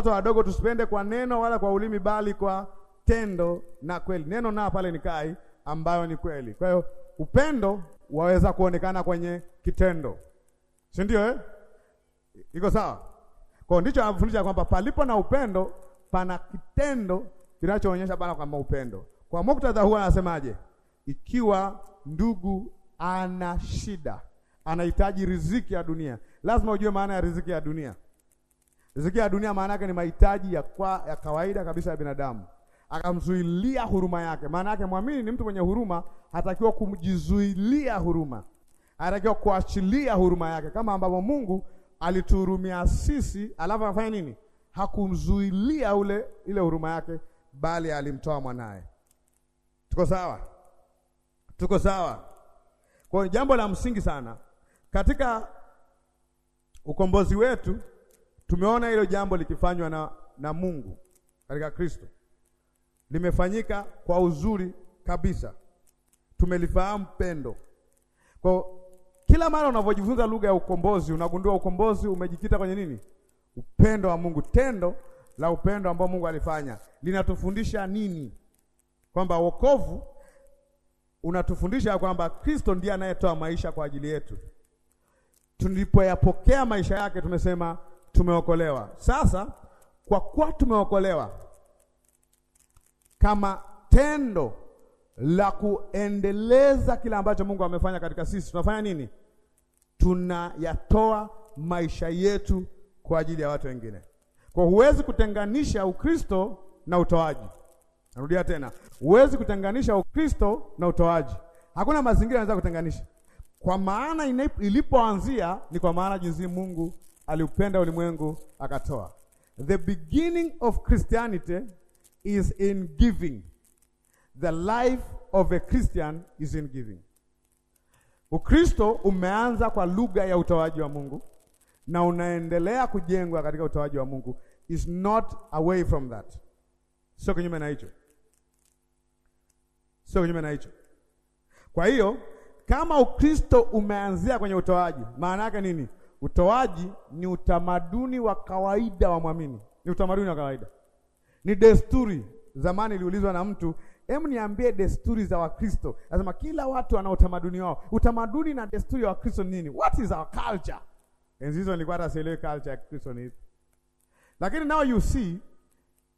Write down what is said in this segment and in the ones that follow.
Watoto wadogo tusipende kwa neno wala kwa ulimi, bali kwa tendo na kweli. Neno na pale ni kai, ambayo ni kweli. Kwa hiyo upendo waweza kuonekana kwenye kitendo, si ndio? Eh, iko sawa. Kwa ndicho anafundisha kwamba palipo na upendo pana kitendo kinachoonyesha bana kwamba upendo. Kwa muktadha huu anasemaje? Ikiwa ndugu ana shida, anahitaji riziki ya dunia, lazima ujue maana ya riziki ya dunia. Riziki ya dunia maana yake ni mahitaji ya, kwa, ya kawaida kabisa ya binadamu. Akamzuilia huruma yake. Maana yake mwamini ni mtu mwenye huruma, hatakiwa kumjizuilia huruma, hatakiwa kuachilia huruma yake, kama ambavyo Mungu alituhurumia sisi, alafu anafanya nini? Hakumzuilia ule ile huruma yake, bali alimtoa mwanaye. Tuko sawa? Tuko sawa? Kwa jambo la msingi sana katika ukombozi wetu Tumeona hilo jambo likifanywa na, na Mungu katika Kristo, limefanyika kwa uzuri kabisa, tumelifahamu pendo. Kwa kila mara unavyojifunza lugha ya ukombozi, unagundua ukombozi umejikita kwenye nini? Upendo wa Mungu, tendo la upendo ambao Mungu alifanya linatufundisha nini? Kwamba wokovu unatufundisha kwamba Kristo ndiye anayetoa maisha kwa ajili yetu. Tulipoyapokea maisha yake, tumesema tumeokolewa. Sasa kwa kuwa tumeokolewa, kama tendo la kuendeleza kile ambacho Mungu amefanya katika sisi, tunafanya nini? Tunayatoa maisha yetu kwa ajili ya watu wengine. Kwa huwezi kutenganisha Ukristo na utoaji. Narudia tena, huwezi kutenganisha Ukristo na utoaji. Hakuna mazingira yanaweza kutenganisha, kwa maana ilipoanzia ni kwa maana jinsi Mungu aliupenda ulimwengu akatoa. The beginning of Christianity is in giving. The life of a Christian is in giving. Ukristo umeanza kwa lugha ya utoaji wa Mungu na unaendelea kujengwa katika utoaji wa Mungu, is not away from that. Sio kinyume na hicho, sio kinyume na hicho. Kwa hiyo kama Ukristo umeanzia kwenye utoaji, maana yake nini? Utoaji ni utamaduni wa kawaida wa mwamini, ni utamaduni wa kawaida, ni desturi. Zamani iliulizwa na mtu, hem, niambie desturi za Wakristo. Anasema kila watu wana utamaduni wao. Utamaduni na desturi ya Wakristo ni nini? What is our culture? Enzi hizo nilikuwa hata sielewi culture ya Kikristo ni ipi, lakini now you see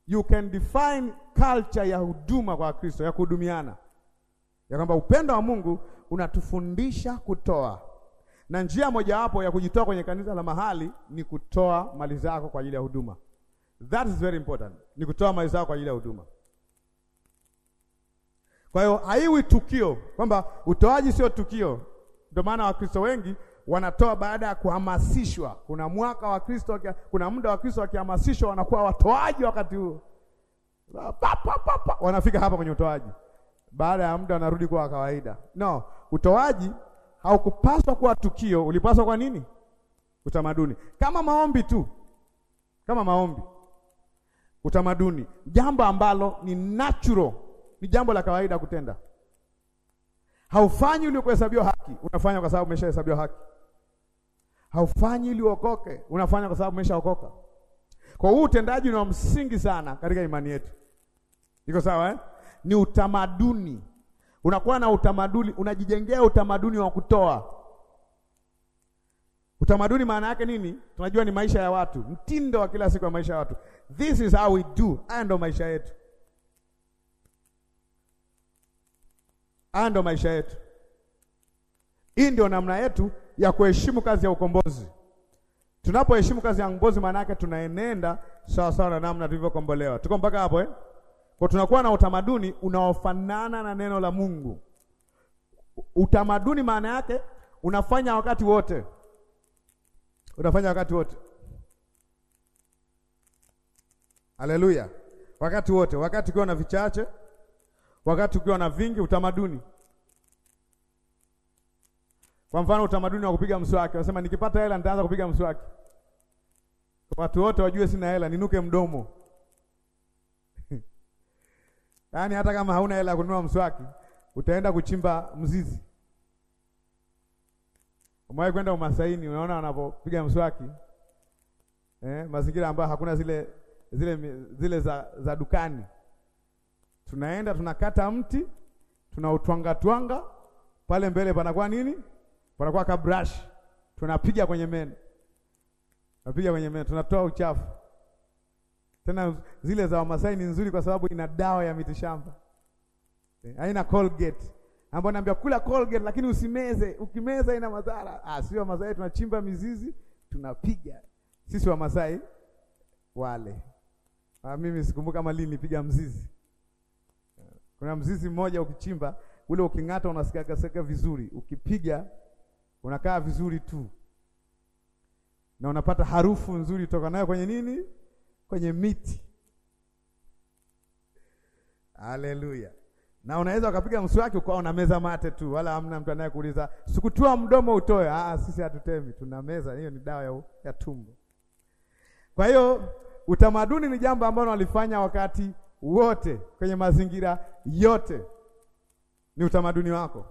you can define culture ya huduma kwa Wakristo, ya kuhudumiana, ya kwamba upendo wa Mungu unatufundisha kutoa na njia mojawapo ya kujitoa kwenye kanisa la mahali ni kutoa mali zako kwa ajili ya huduma. That is very important, ni kutoa mali zako kwa ajili ya huduma. Kwa hiyo haiwi tukio kwamba utoaji sio tukio. Ndio maana Wakristo wengi wanatoa baada ya kuhamasishwa. Kuna mwaka wa Kristo, kuna muda wa Kristo wakihamasishwa, wanakuwa watoaji. Wakati huo wanafika hapa kwenye utoaji, baada ya muda wanarudi kuwa kawaida. No, utoaji haukupaswa kuwa tukio, ulipaswa kwa nini? Utamaduni, kama maombi tu, kama maombi, utamaduni, jambo ambalo ni natural, ni jambo la kawaida kutenda. Haufanyi ili kuhesabiwa haki, unafanya kwa sababu umeshahesabiwa haki. Haufanyi ili uokoke, unafanya kwa sababu umeshaokoka. Kwa huu utendaji ni wa msingi sana katika imani yetu. Iko sawa eh? Ni utamaduni Unakuwa na utamaduni, unajijengea utamaduni wa kutoa. Utamaduni maana yake nini? Tunajua ni maisha ya watu, mtindo wa kila siku wa maisha ya watu. This is how we do. Haya ndo maisha yetu, haya ndo maisha yetu. Hii ndio namna yetu ya kuheshimu kazi ya ukombozi. Tunapoheshimu kazi ya ukombozi, maana yake tunaenenda sawa sawa na namna tulivyokombolewa. Tuko mpaka hapo eh? Kwa tunakuwa na utamaduni unaofanana na neno la Mungu. Utamaduni maana yake unafanya wakati wote, unafanya wakati wote. Haleluya! wakati wote, wakati ukiwa na vichache, wakati ukiwa na vingi, utamaduni. Kwa mfano, utamaduni wa kupiga mswaki, wanasema nikipata hela nitaanza kupiga mswaki, watu wote wajue sina hela, ninuke mdomo Yaani hata kama hauna hela ya kununua mswaki, utaenda kuchimba mzizi. Umewahi kwenda Umasaini, unaona wanapopiga mswaki eh, mazingira ambayo hakuna zile zile zile za, za dukani. Tunaenda tunakata mti tunautwanga twanga pale mbele, panakuwa nini? Panakuwa ka brush, tunapiga kwenye meno, tunapiga kwenye meno, tunatoa uchafu. Tena zile za Wamasai ni nzuri kwa sababu ina dawa ya mitishamba, eh, haina Colgate ambao naambia kula Colgate, lakini usimeze, ukimeza ina madhara. Ah, sio Wamasai, tunachimba mizizi tunapiga sisi Wamasai wale. Ah, mimi sikumbuka kama lini nilipiga mzizi. Kuna mzizi mmoja ukichimba ule uking'ata unasikia seka vizuri, ukipiga unakaa vizuri tu, na unapata harufu nzuri toka nayo kwenye nini kwenye miti. Haleluya! Na unaweza ukapiga mswaki ukawa unameza mate tu, wala hamna mtu anayekuuliza sikutua mdomo utoe. Ah, ah sisi hatutemi, tunameza. Hiyo ni dawa ya, ya tumbo. Kwa hiyo utamaduni ni jambo ambalo walifanya wakati wote kwenye mazingira yote, ni utamaduni wako.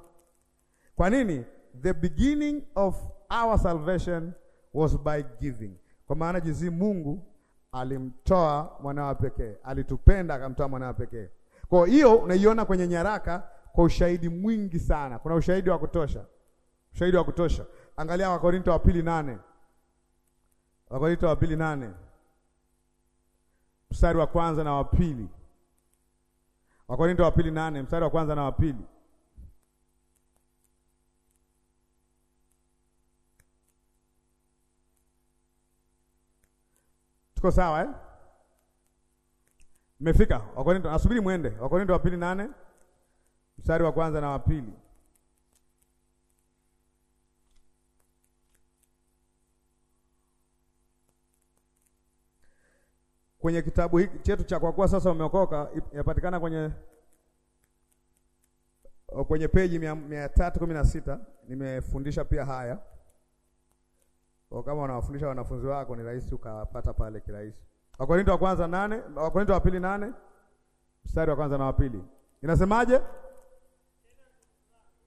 Kwa nini? The beginning of our salvation was by giving, kwa maana jinsi Mungu alimtoa mwanawa pekee, alitupenda akamtoa mwanawa pekee. Kwa hiyo unaiona kwenye nyaraka kwa ushahidi mwingi sana, kuna ushahidi wa kutosha, ushahidi wa kutosha. Angalia Wakorinto wa pili nane, Wakorinto wa pili nane mstari wa kwanza na wa pili, Wakorinto wa pili nane mstari wa kwanza na wa pili. Tuko sawa eh? Mefika. Wakorinto, nasubiri mwende Wakorinto wa pili nane mstari wa kwanza na wa pili. Kwenye kitabu hiki chetu cha kwa kuwa sasa umeokoka, inapatikana kwenye oh, kwenye peji mia tatu kumi na sita. Nimefundisha pia haya kwa kama unawafundisha wanafunzi wako ni rahisi ukapata pale kirahisi. Wakorintho wa kwanza nane, Wakorintho wa pili nane, mstari wa kwanza na wa pili inasemaje?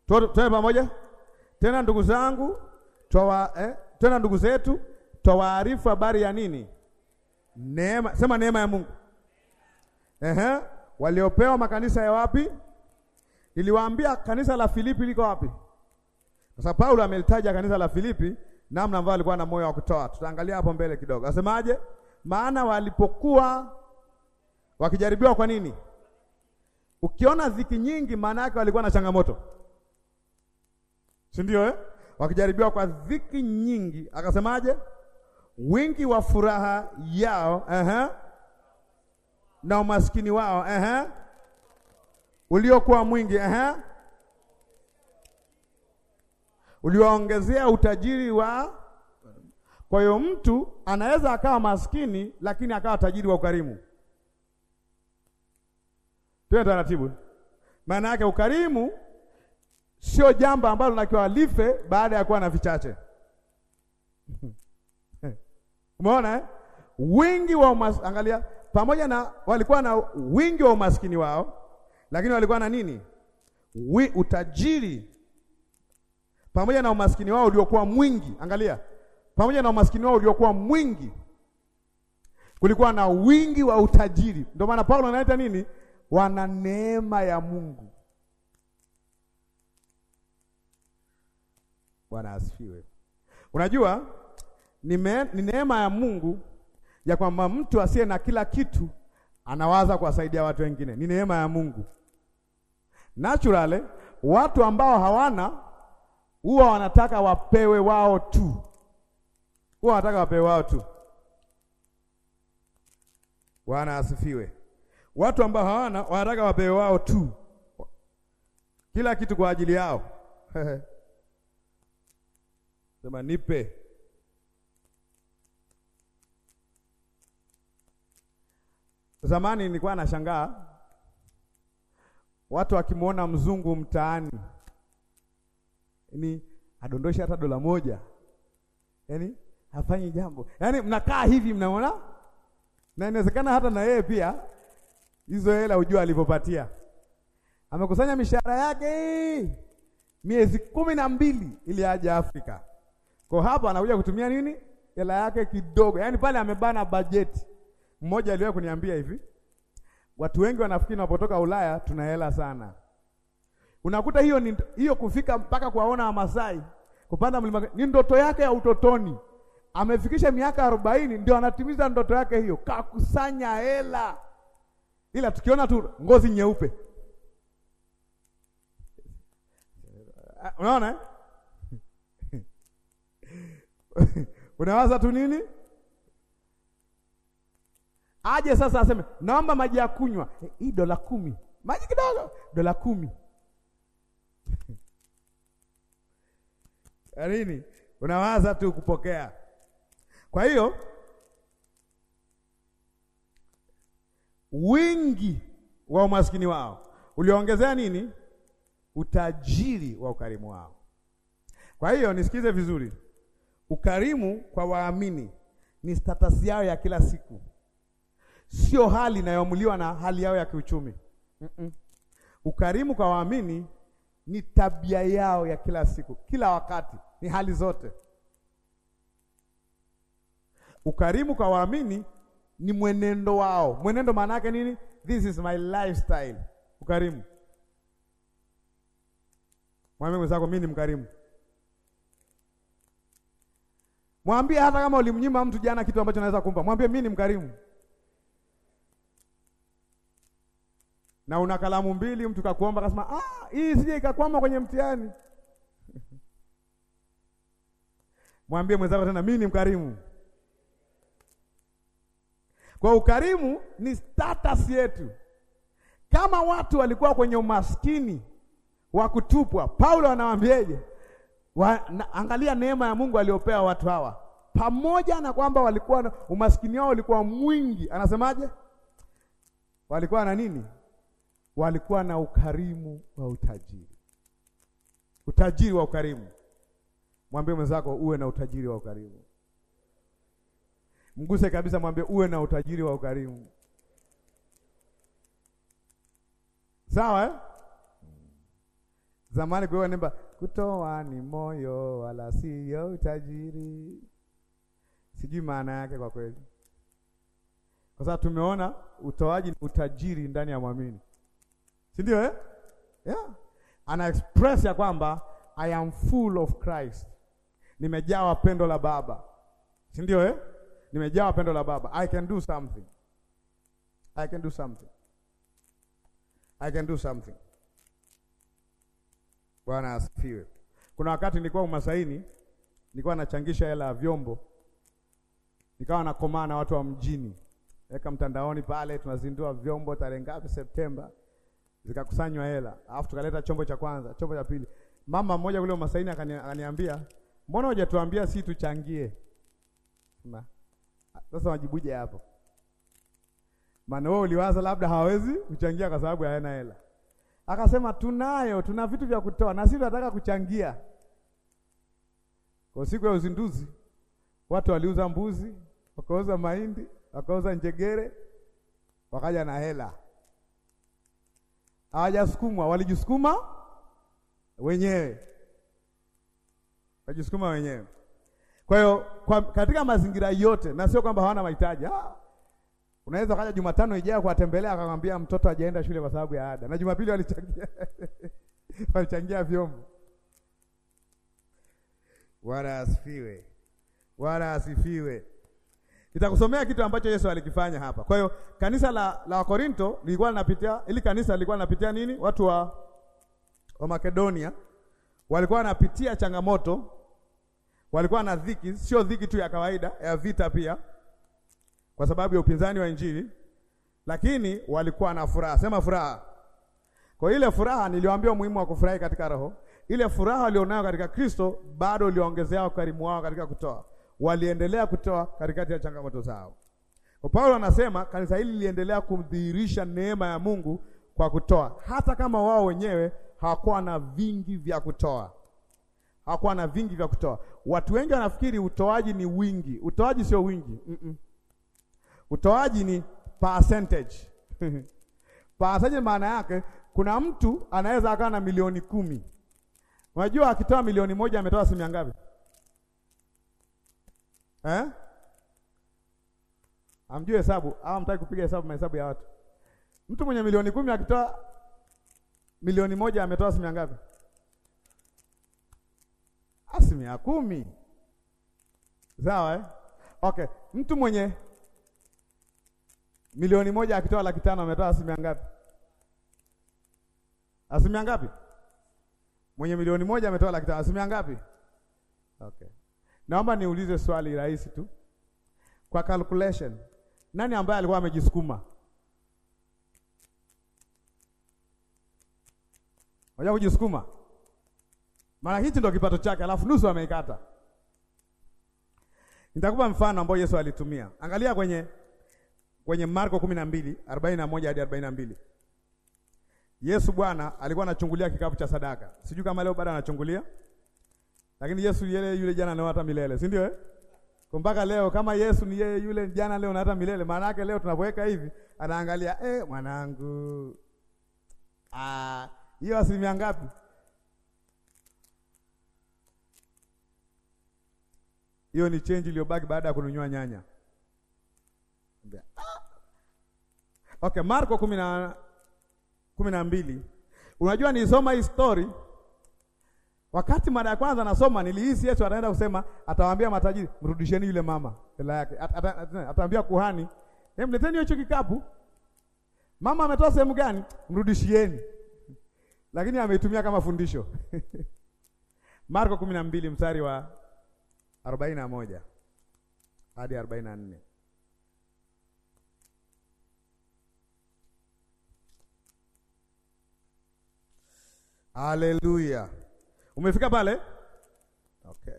Tuone pamoja. Tena ndugu zangu twa eh, tena ndugu zetu twawaarifu habari ya nini? Neema, sema neema ya Mungu. Ehe, waliopewa makanisa ya wapi? Niliwaambia kanisa la Filipi liko wapi? Sasa Paulo amelitaja kanisa la Filipi namna ambayo alikuwa na moyo wa kutoa. Tutaangalia hapo mbele kidogo. Asemaje? Maana walipokuwa wakijaribiwa kwa nini? Ukiona ziki nyingi, maana yake walikuwa na changamoto, si ndio eh? Wakijaribiwa kwa ziki nyingi, akasemaje? Wingi wa furaha yao uh -huh. na umaskini wao uh -huh. uliokuwa mwingi uh -huh uliwaongezea utajiri wa. Kwa hiyo mtu anaweza akawa maskini lakini akawa tajiri wa ukarimu. Tena taratibu, maana yake ukarimu sio jambo ambalo nakiwa life baada ya kuwa na vichache umeona eh? wingi wa umas, angalia, pamoja na walikuwa na wingi wa umaskini wao, lakini walikuwa na nini? Wi, utajiri pamoja na umaskini wao uliokuwa mwingi. Angalia, pamoja na umaskini wao uliokuwa mwingi, kulikuwa na wingi wa utajiri. Ndio maana Paulo anaita nini? Wana neema ya Mungu. Bwana asifiwe. Unajua ni neema ya Mungu ya kwamba mtu asiye na kila kitu anawaza kuwasaidia watu wengine. Ni neema ya Mungu. Naturally, watu ambao hawana huwa wanataka wapewe wao tu, huwa wanataka wapewe wao tu. Bwana asifiwe. Watu ambao hawana wanataka wapewe wao tu, kila kitu kwa ajili yao sema nipe Zamani nilikuwa nashangaa watu wakimwona mzungu mtaani yaani adondoshe hata dola moja, yaani hafanyi jambo, yaani mnakaa hivi, mnaona, na inawezekana hata na yeye pia hizo hela, ujua alivyopatia, amekusanya mishahara yake miezi kumi na mbili ili aje Afrika. Kwa hapo anakuja kutumia nini? Hela yake kidogo, yaani pale amebana bajeti. Mmoja aliwahi kuniambia hivi, watu wengi wanafikiri wanapotoka Ulaya tuna hela sana Unakuta hiyo ni hiyo kufika mpaka kuwaona Wamasai kupanda mlima ni ndoto yake ya utotoni. Amefikisha miaka arobaini ndio anatimiza ndoto yake hiyo, kakusanya hela, ila tukiona tu ngozi nyeupe, unaona eh? unawaza tu nini? Aje sasa aseme naomba maji ya kunywa, eh, hii dola kumi, maji kidogo, dola kumi Nini? unawaza tu kupokea. Kwa hiyo wingi wa umaskini wao uliongezea nini? Utajiri wa ukarimu wao. Kwa hiyo nisikize vizuri, ukarimu kwa waamini ni status yao ya kila siku, sio hali inayoamuliwa na hali yao ya kiuchumi. Mm -mm. Ukarimu kwa waamini ni tabia yao ya kila siku, kila wakati, ni hali zote. Ukarimu kwa waamini ni mwenendo wao. Mwenendo maana yake nini? This is my lifestyle. Ukarimu, mwambie mwenzako, mimi ni mkarimu. Mwambie hata kama ulimnyima mtu jana kitu ambacho naweza kumpa, mwambie mimi ni mkarimu. na una kalamu mbili, mtu kakuomba akasema, ah, hii sije ikakwama kwenye mtihani mwambie mwenzako tena, mimi ni mkarimu. Kwa ukarimu ni status yetu. Kama watu walikuwa kwenye umaskini wa kutupwa, Paulo anawaambiaje? Wa, angalia neema ya Mungu aliyopewa watu hawa, pamoja na kwamba walikuwa umaskini wao ulikuwa mwingi, anasemaje? walikuwa na nini? walikuwa na ukarimu wa utajiri, utajiri wa ukarimu. Mwambie mwenzako uwe na utajiri wa ukarimu, mguse kabisa, mwambie uwe na utajiri wa ukarimu. Sawa eh? Zamani kulikuwa nimba kutoa ni moyo wala siyo utajiri. Sijui maana yake kwa kweli, kwa sababu tumeona utoaji ni utajiri ndani ya mwamini si ndio eh? Yeah. Ana express ya kwamba I am full of Christ, nimejawa pendo la Baba, si ndio eh? Nimejawa pendo la Baba. I can do something, I can do something, I can do something. Bwana asifiwe. Kuna wakati nilikuwa umasaini, nilikuwa nachangisha hela ya vyombo, nikawa nakomaa na watu wa mjini, weka mtandaoni pale, tunazindua vyombo tarehe ngapi? Septemba zikakusanywa hela, alafu tukaleta chombo cha kwanza, chombo cha pili. Mama mmoja kule Masaini akaniambia mbona hujatuambia si tuchangie? Na ah, sasa wajibuje hapo? Maana wewe uliwaza labda hawezi kuchangia kwa sababu hayana hela. Akasema tunayo, tuna vitu vya kutoa na sisi tunataka kuchangia. Kwa siku ya uzinduzi watu waliuza mbuzi, wakauza mahindi, wakauza njegere, wakaja na hela hawajasukumwa, walijisukuma wenyewe, walijisukuma wenyewe. Kwa hiyo katika mazingira yote, na sio kwamba hawana mahitaji. Ah, unaweza kaja Jumatano ijayo kuwatembelea, akamwambia mtoto ajaenda shule kwa sababu ya ada, na Jumapili walichangia walichangia vyombo. Bwana asifiwe, Bwana asifiwe. Nitakusomea kitu ambacho Yesu alikifanya hapa. Kwa hiyo kanisa la la Wakorinto lilikuwa linapitia, ili kanisa lilikuwa linapitia nini? Watu wa wa Makedonia walikuwa wanapitia changamoto, walikuwa na dhiki, sio dhiki tu ya kawaida ya vita pia, kwa sababu ya upinzani wa Injili, lakini walikuwa na furaha. Sema furaha. Kwa ile furaha niliwaambia umuhimu wa kufurahi katika Roho, ile furaha walionayo katika Kristo bado iliongezea ukarimu wao katika kutoa waliendelea kutoa katikati ya changamoto zao. Kwa Paulo anasema kanisa hili liliendelea kumdhihirisha neema ya Mungu kwa kutoa, hata kama wao wenyewe hawakuwa na vingi vya kutoa. Hawakuwa na vingi vya kutoa. Watu wengi wanafikiri utoaji ni wingi. Utoaji sio wingi. Mm -mm. Utoaji ni percentage. Percentage maana yake kuna mtu anaweza akawa na milioni kumi. Unajua akitoa milioni moja ametoa asilimia ngapi? Eh? Amjue hesabu, au mtaki kupiga hesabu mahesabu ya watu. Mtu mwenye milioni kumi akitoa milioni moja ametoa asilimia ngapi? Asilimia kumi. Sawa eh? Okay, mtu mwenye milioni moja akitoa laki tano ametoa asilimia ngapi? Asilimia ngapi? Mwenye milioni moja ametoa laki tano, asilimia ngapi? Okay. Naomba niulize swali rahisi tu, kwa calculation, nani ambaye alikuwa amejisukuma? Unajua kujisukuma, mara hichi ndio kipato chake, alafu nusu ameikata. Nitakupa mfano ambao Yesu alitumia. Angalia kwenye kwenye Marko 12, 41 hadi 42. Yesu Bwana alikuwa anachungulia kikapu cha sadaka. Sijui kama leo bado anachungulia. Lakini Yesu yele yule jana leo hata milele, si ndio eh? mpaka leo kama Yesu ni yeye yule jana leo na hata milele, maana yake leo tunapoweka hivi anaangalia eh, mwanangu. Ah, hiyo asilimia ngapi? Hiyo ni change iliyobaki baada ya kununua nyanya. Okay, Marko kumi na mbili. Unajua nisoma hii story Wakati mara ya kwanza nasoma nilihisi Yesu anaenda kusema atawaambia matajiri, mrudisheni yule mama hela yake. Atawaambia kuhani, "Hem, leteni hicho kikapu." Mama ametoa sehemu gani? Mrudishieni. Lakini ameitumia kama fundisho. Marko 12 mstari wa 41 hadi 44. Hallelujah. Umefika pale? Okay.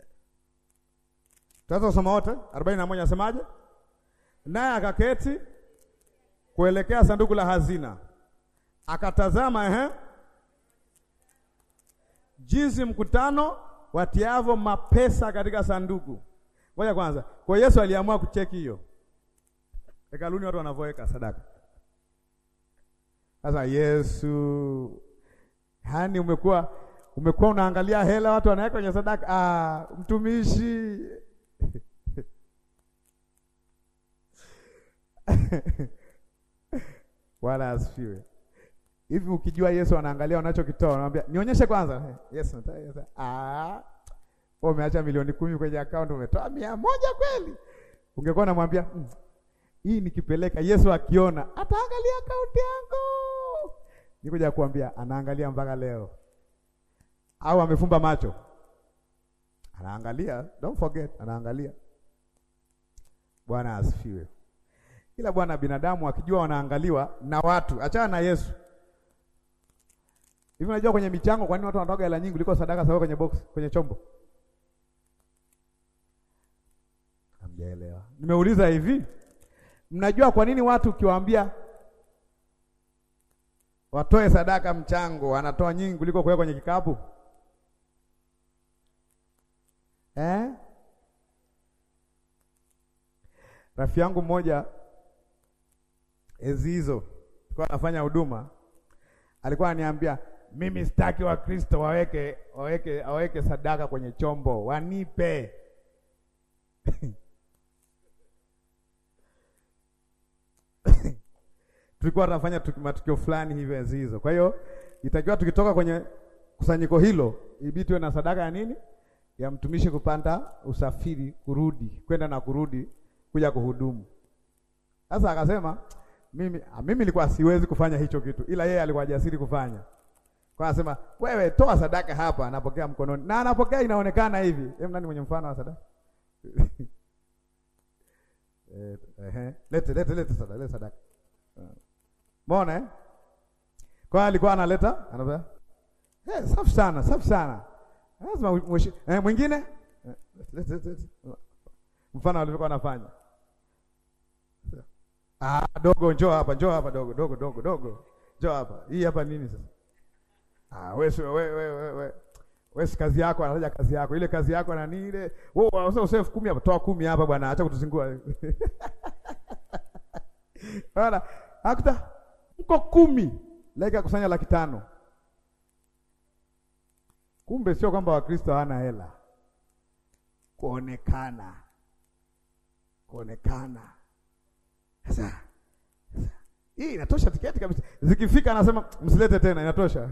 Sasa usoma wote 41 nasemaje? Naye akaketi kuelekea sanduku la hazina, akatazama ehe, jinsi mkutano watiavo mapesa katika sanduku. Ngoja kwanza, kwa Yesu aliamua kucheki hiyo hekaluni watu wanavoeka sadaka. Sasa Yesu, yaani umekuwa umekuwa unaangalia hela watu wanaweka kwenye sadaka. Ah, mtumishi Bwana asifiwe. Hivi ukijua Yesu anaangalia unachokitoa, anamwambia nionyeshe kwanza. Eh, yes, nataka yes. Ah, umeacha milioni kumi kwenye account, umetoa mia moja kweli? Ungekuwa unamwambia mmm, hii nikipeleka Yesu akiona ataangalia akaunti yangu. Nikuja kuambia anaangalia mpaka leo au amefumba macho, anaangalia. Don't forget, anaangalia. Bwana asifiwe. Ila bwana, binadamu akijua wanaangaliwa na watu, achana na Yesu. Hivi unajua kwenye michango, kwa nini watu wanatoa hela nyingi kuliko sadaka sawa kwenye box, kwenye chombo? Nimeuliza hivi, mnajua kwa nini watu ukiwaambia watoe sadaka mchango, wanatoa nyingi kuliko kuweka kwenye kikapu? eh? Rafiki yangu mmoja enzi hizo alikuwa anafanya huduma, alikuwa ananiambia mimi sitaki Wakristo waweke waweke waweke sadaka kwenye chombo, wanipe tulikuwa tunafanya matukio fulani hivyo enzi hizo. Kwa hiyo itakiwa tukitoka kwenye kusanyiko hilo ibitiwe na sadaka ya nini? ya mtumishi kupanda usafiri kurudi kwenda na kurudi kuja kuhudumu. Sasa akasema mimi ah, mimi nilikuwa siwezi kufanya hicho kitu, ila yeye alikuwa jasiri kufanya. Kwa anasema wewe, toa sadaka hapa, anapokea mkononi na anapokea inaonekana hivi. Hem, nani mwenye mfano wa sadaka? Eh, eh, lete lete lete sadaka, lete sadaka. Mbona eh? Kwa alikuwa analeta, anasema eh, safi sana, safi sana lazima eh, mwingine eh, mfano alivyokuwa anafanya ah, dogo njoo hapa, njoo hapa dogo, dogo dogo dogo, njoo hapa. Hii hapa nini sasa? Ah, wewe wewe wewe wewe wewe kazi yako, anataja kazi yako, ile kazi yako na nile wewe. Oh, unasema usefu 10 hapa, toa 10 hapa bwana, acha kutuzingua. Bwana, hakuta mko 10 laika kusanya laki tano Kumbe sio kwamba Wakristo hawana hela, kuonekana kuonekana. Sasa hii inatosha tiketi kabisa, zikifika anasema msilete tena, inatosha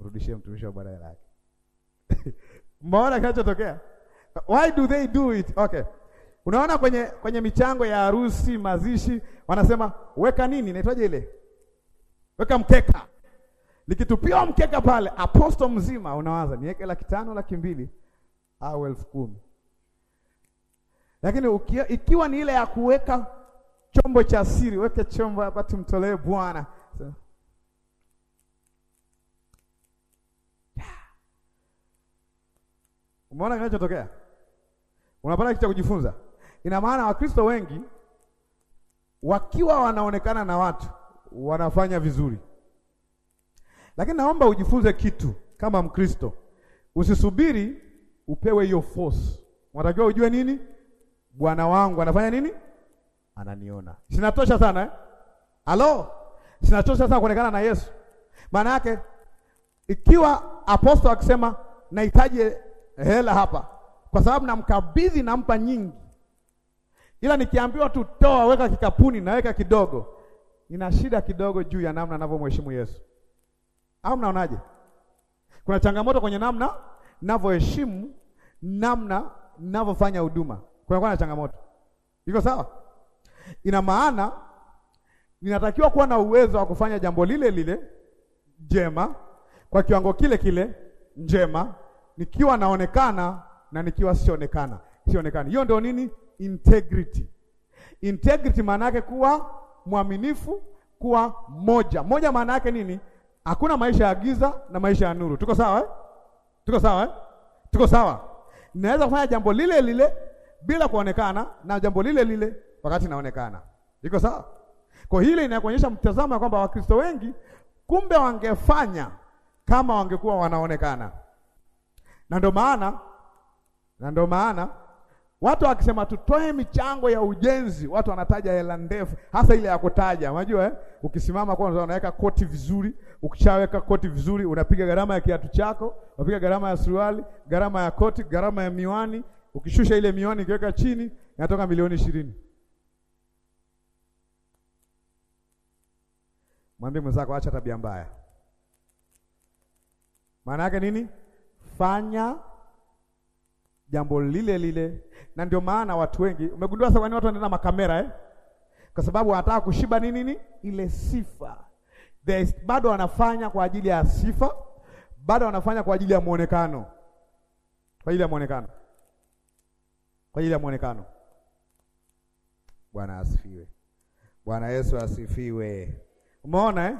mrudishie mtumishi wa Bwana hela yake. Mmeona kinachotokea? Why do they do it? Okay. Unaona kwenye kwenye michango ya harusi, mazishi, wanasema weka nini, naitwaje ile? Weka mkeka likitupiwa mkeka pale, aposto mzima unawaza niweke laki tano, laki mbili au elfu kumi. Lakini ukia, ikiwa ni ile ya kuweka chombo cha siri, weke chombo hapa tumtolee Bwana Umeona kinachotokea? Unapata kitu cha kujifunza. Ina maana Wakristo wengi wakiwa wanaonekana na watu wanafanya vizuri. Lakini naomba ujifunze kitu kama Mkristo, usisubiri upewe hiyo force. Unatakiwa ujue nini? Bwana wangu anafanya nini? Ananiona. Sinatosha sana eh? Halo, sinatosha sana kuonekana na Yesu. Maana yake ikiwa apostol akisema nahitaji hela hapa, kwa sababu namkabidhi, nampa nyingi, ila nikiambiwa tu toa, weka kikapuni, naweka kidogo, nina shida kidogo juu ya namna anavyomheshimu Yesu au mnaonaje? Kuna changamoto kwenye namna ninavyoheshimu, namna ninavyofanya huduma, kunakuwa na changamoto. Iko sawa? Ina maana ninatakiwa kuwa na uwezo wa kufanya jambo lile lile jema kwa kiwango kile kile njema, nikiwa naonekana na nikiwa sionekana sionekana. Hiyo ndio nini? Integrity. Integrity maana yake kuwa mwaminifu, kuwa moja moja. Maana yake nini? Hakuna maisha ya giza na maisha ya nuru. Tuko sawa eh? Tuko sawa eh? Tuko sawa. Naweza kufanya jambo lile lile bila kuonekana na jambo lile lile wakati naonekana. Iko sawa? Kwa hili inakuonyesha mtazamo kwamba Wakristo wengi kumbe wangefanya kama wangekuwa wanaonekana. Na ndio maana na ndio maana watu wakisema tutoe michango ya ujenzi, watu wanataja hela ndefu, hasa ile ya kutaja. Unajua eh? Ukisimama kwanza unaweka koti vizuri, Ukishaweka koti vizuri, unapiga gharama ya kiatu chako, unapiga gharama ya suruali, gharama ya koti, gharama ya miwani. Ukishusha ile miwani ukiweka chini, inatoka milioni ishirini. Mwambie mwenzako, acha tabia mbaya. Maana yake nini? Fanya jambo lile lile, na ndio maana watu wengi umegundua, sababu watu wanaenda makamera eh? Kwa sababu wanataka kushiba nini nini, ile sifa There's, bado wanafanya kwa ajili ya sifa, bado wanafanya kwa ajili ya mwonekano, kwa ajili ya mwonekano, kwa ajili ya mwonekano. Bwana asifiwe. Bwana Yesu asifiwe. Umeona eh?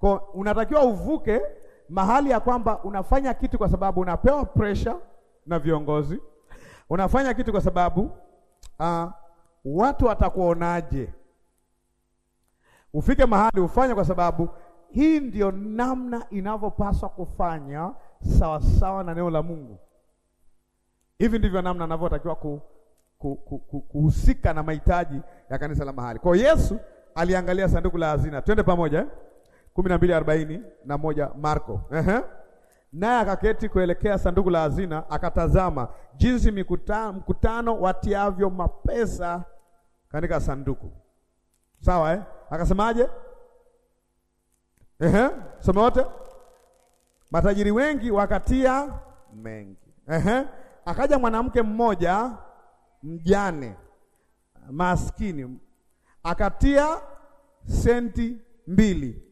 Kwa unatakiwa uvuke mahali ya kwamba unafanya kitu kwa sababu unapewa pressure na viongozi, unafanya kitu kwa sababu uh, watu watakuonaje. Ufike mahali ufanye kwa sababu hii ndio namna inavyopaswa kufanya sawa sawa na neno la Mungu. Hivi ndivyo namna anavyotakiwa ku, ku, ku, ku, kuhusika na mahitaji ya kanisa la mahali. Kwa hiyo Yesu aliangalia sanduku la hazina. Twende pamoja eh? 12:40 na moja Marko. Ehe. Naye akaketi kuelekea sanduku la hazina, akatazama jinsi mkutano, mkutano watiavyo mapesa katika sanduku. Sawa eh? Akasemaje? Ehe, soma wote. Matajiri wengi wakatia mengi. Ehe, akaja mwanamke mmoja mjane maskini akatia senti mbili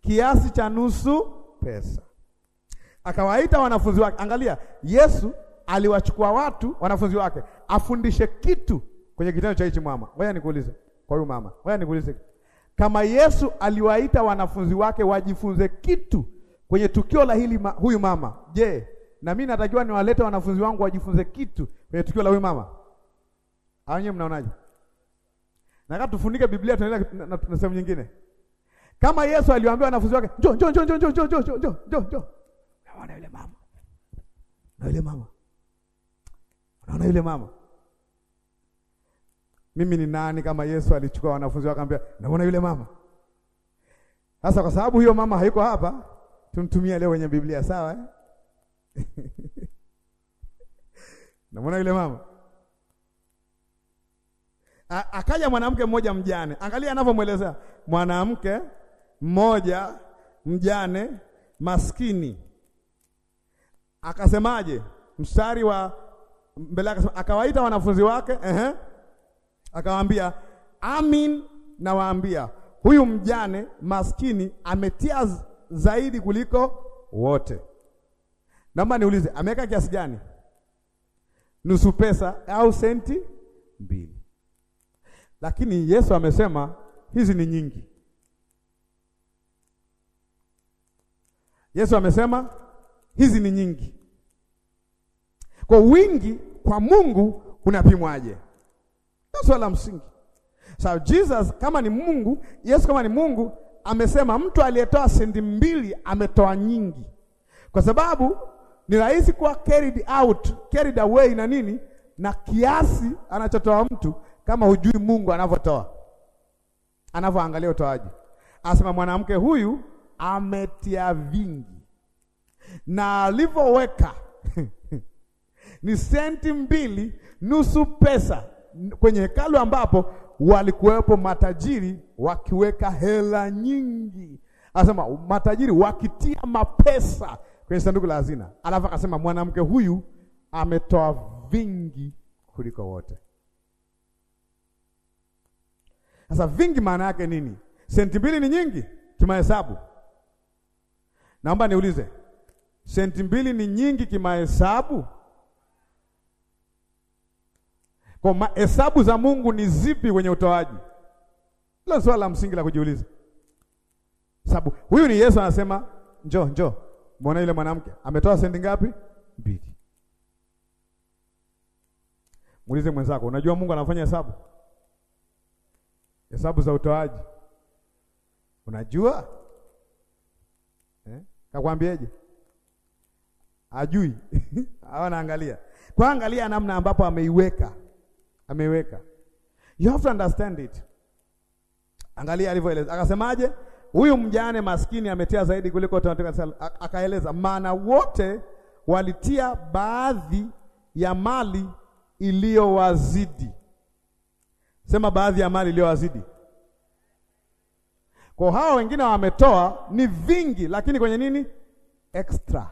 kiasi cha nusu pesa, akawaita wanafunzi wake. Angalia, Yesu aliwachukua watu wanafunzi wake afundishe kitu kwenye kitendo cha hichi mama. Ngoja nikuulize, kwa huyu mama, ngoja nikuulize kitu kama Yesu aliwaita wanafunzi wake wajifunze kitu kwenye tukio la hili ma, huyu mama, je, na mimi natakiwa niwalete wanafunzi wangu wajifunze kitu kwenye tukio la huyu mama? Anyewe mnaonaje? Nataka tufunike Biblia tunaenda na sehemu nyingine. Kama Yesu aliwaambia wanafunzi wake, njoo njoo njoo njoo njoo njoo njoo njoo njoo. Naona yule mama. Na yule mama. Naona yule mama. Mimi ni nani kama Yesu alichukua wanafunzi wake akamwambia, naona yule mama. Sasa kwa sababu hiyo mama hayuko hapa, tumtumia leo kwenye Biblia, sawa eh? naona yule mama. A, akaja mwanamke mmoja mjane. Angalia anavyomwelezea mwanamke mmoja mjane maskini. Akasemaje? Mstari wa mbele akasema, akawaita wanafunzi wake, ehe Akawaambia, amin nawaambia, huyu mjane maskini ametia zaidi kuliko wote. Naomba niulize, ameweka kiasi gani? Nusu pesa au senti mbili? Lakini Yesu amesema hizi ni nyingi. Yesu amesema hizi ni nyingi. Kwa wingi kwa Mungu unapimwaje? Swala la msingi. So Jesus kama ni Mungu, Yesu kama ni Mungu, amesema mtu aliyetoa sendi mbili ametoa nyingi, kwa sababu ni rahisi kuwa carried out, carried away na nini na kiasi anachotoa mtu, kama hujui Mungu anavyotoa, anavyoangalia utoaji. Anasema mwanamke huyu ametia vingi, na alivyoweka ni senti mbili nusu pesa kwenye hekalu ambapo walikuwepo matajiri wakiweka hela nyingi. Anasema matajiri wakitia mapesa kwenye sanduku la hazina, alafu akasema mwanamke huyu ametoa vingi kuliko wote. Sasa vingi maana yake nini? Senti mbili ni nyingi kimahesabu? Naomba niulize, senti mbili ni nyingi kimahesabu? Kwa mahesabu za Mungu ni zipi kwenye utoaji? Hilo swala la msingi la kujiuliza. Sababu huyu ni Yesu anasema, njoo njoo. Mbona yule mwanamke ametoa sendi ngapi? Mbili. Muulize mwenzako, unajua Mungu anafanya hesabu? Hesabu za utoaji. Unajua? Eh? Kakwambieje? Ajui. Hawa naangalia. Kwa angalia namna ambapo ameiweka ameweka. You have to understand it. Angalia alivyoeleza, akasemaje? Huyu mjane maskini ametia zaidi kuliko wote wanatoka. Akaeleza maana wote walitia baadhi ya mali iliyowazidi. Sema baadhi ya mali iliyowazidi. Kwa hao wengine wametoa ni vingi, lakini kwenye nini extra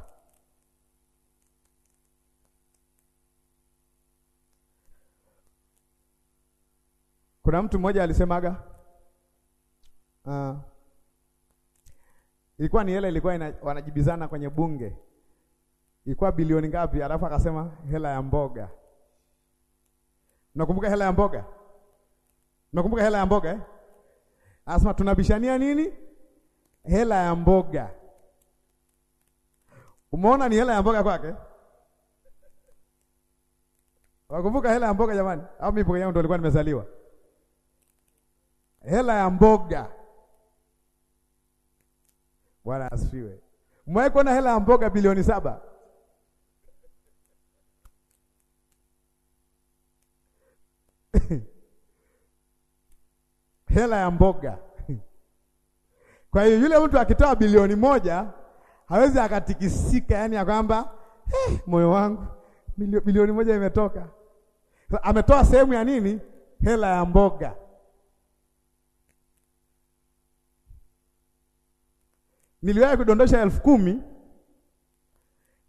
Kuna mtu mmoja alisemaga uh, ilikuwa ni hela ilikuwa ina, wanajibizana kwenye bunge ilikuwa bilioni ngapi, alafu akasema hela ya mboga. Nakumbuka hela ya mboga, nakumbuka hela ya mboga eh? Anasema tunabishania nini? Hela ya mboga. Umeona ni hela ya mboga kwake. Wakumbuka hela ya mboga jamani, au mimi ndo nilikuwa nimezaliwa? hela ya mboga. Bwana asifiwe. Umewahi kuona hela ya mboga bilioni saba? hela ya mboga. Kwa hiyo yule mtu akitoa bilioni moja hawezi akatikisika, yani ya kwamba eh, moyo wangu bilioni moja imetoka. Ametoa sehemu ya nini? Hela ya mboga. Niliwahi kudondosha elfu kumi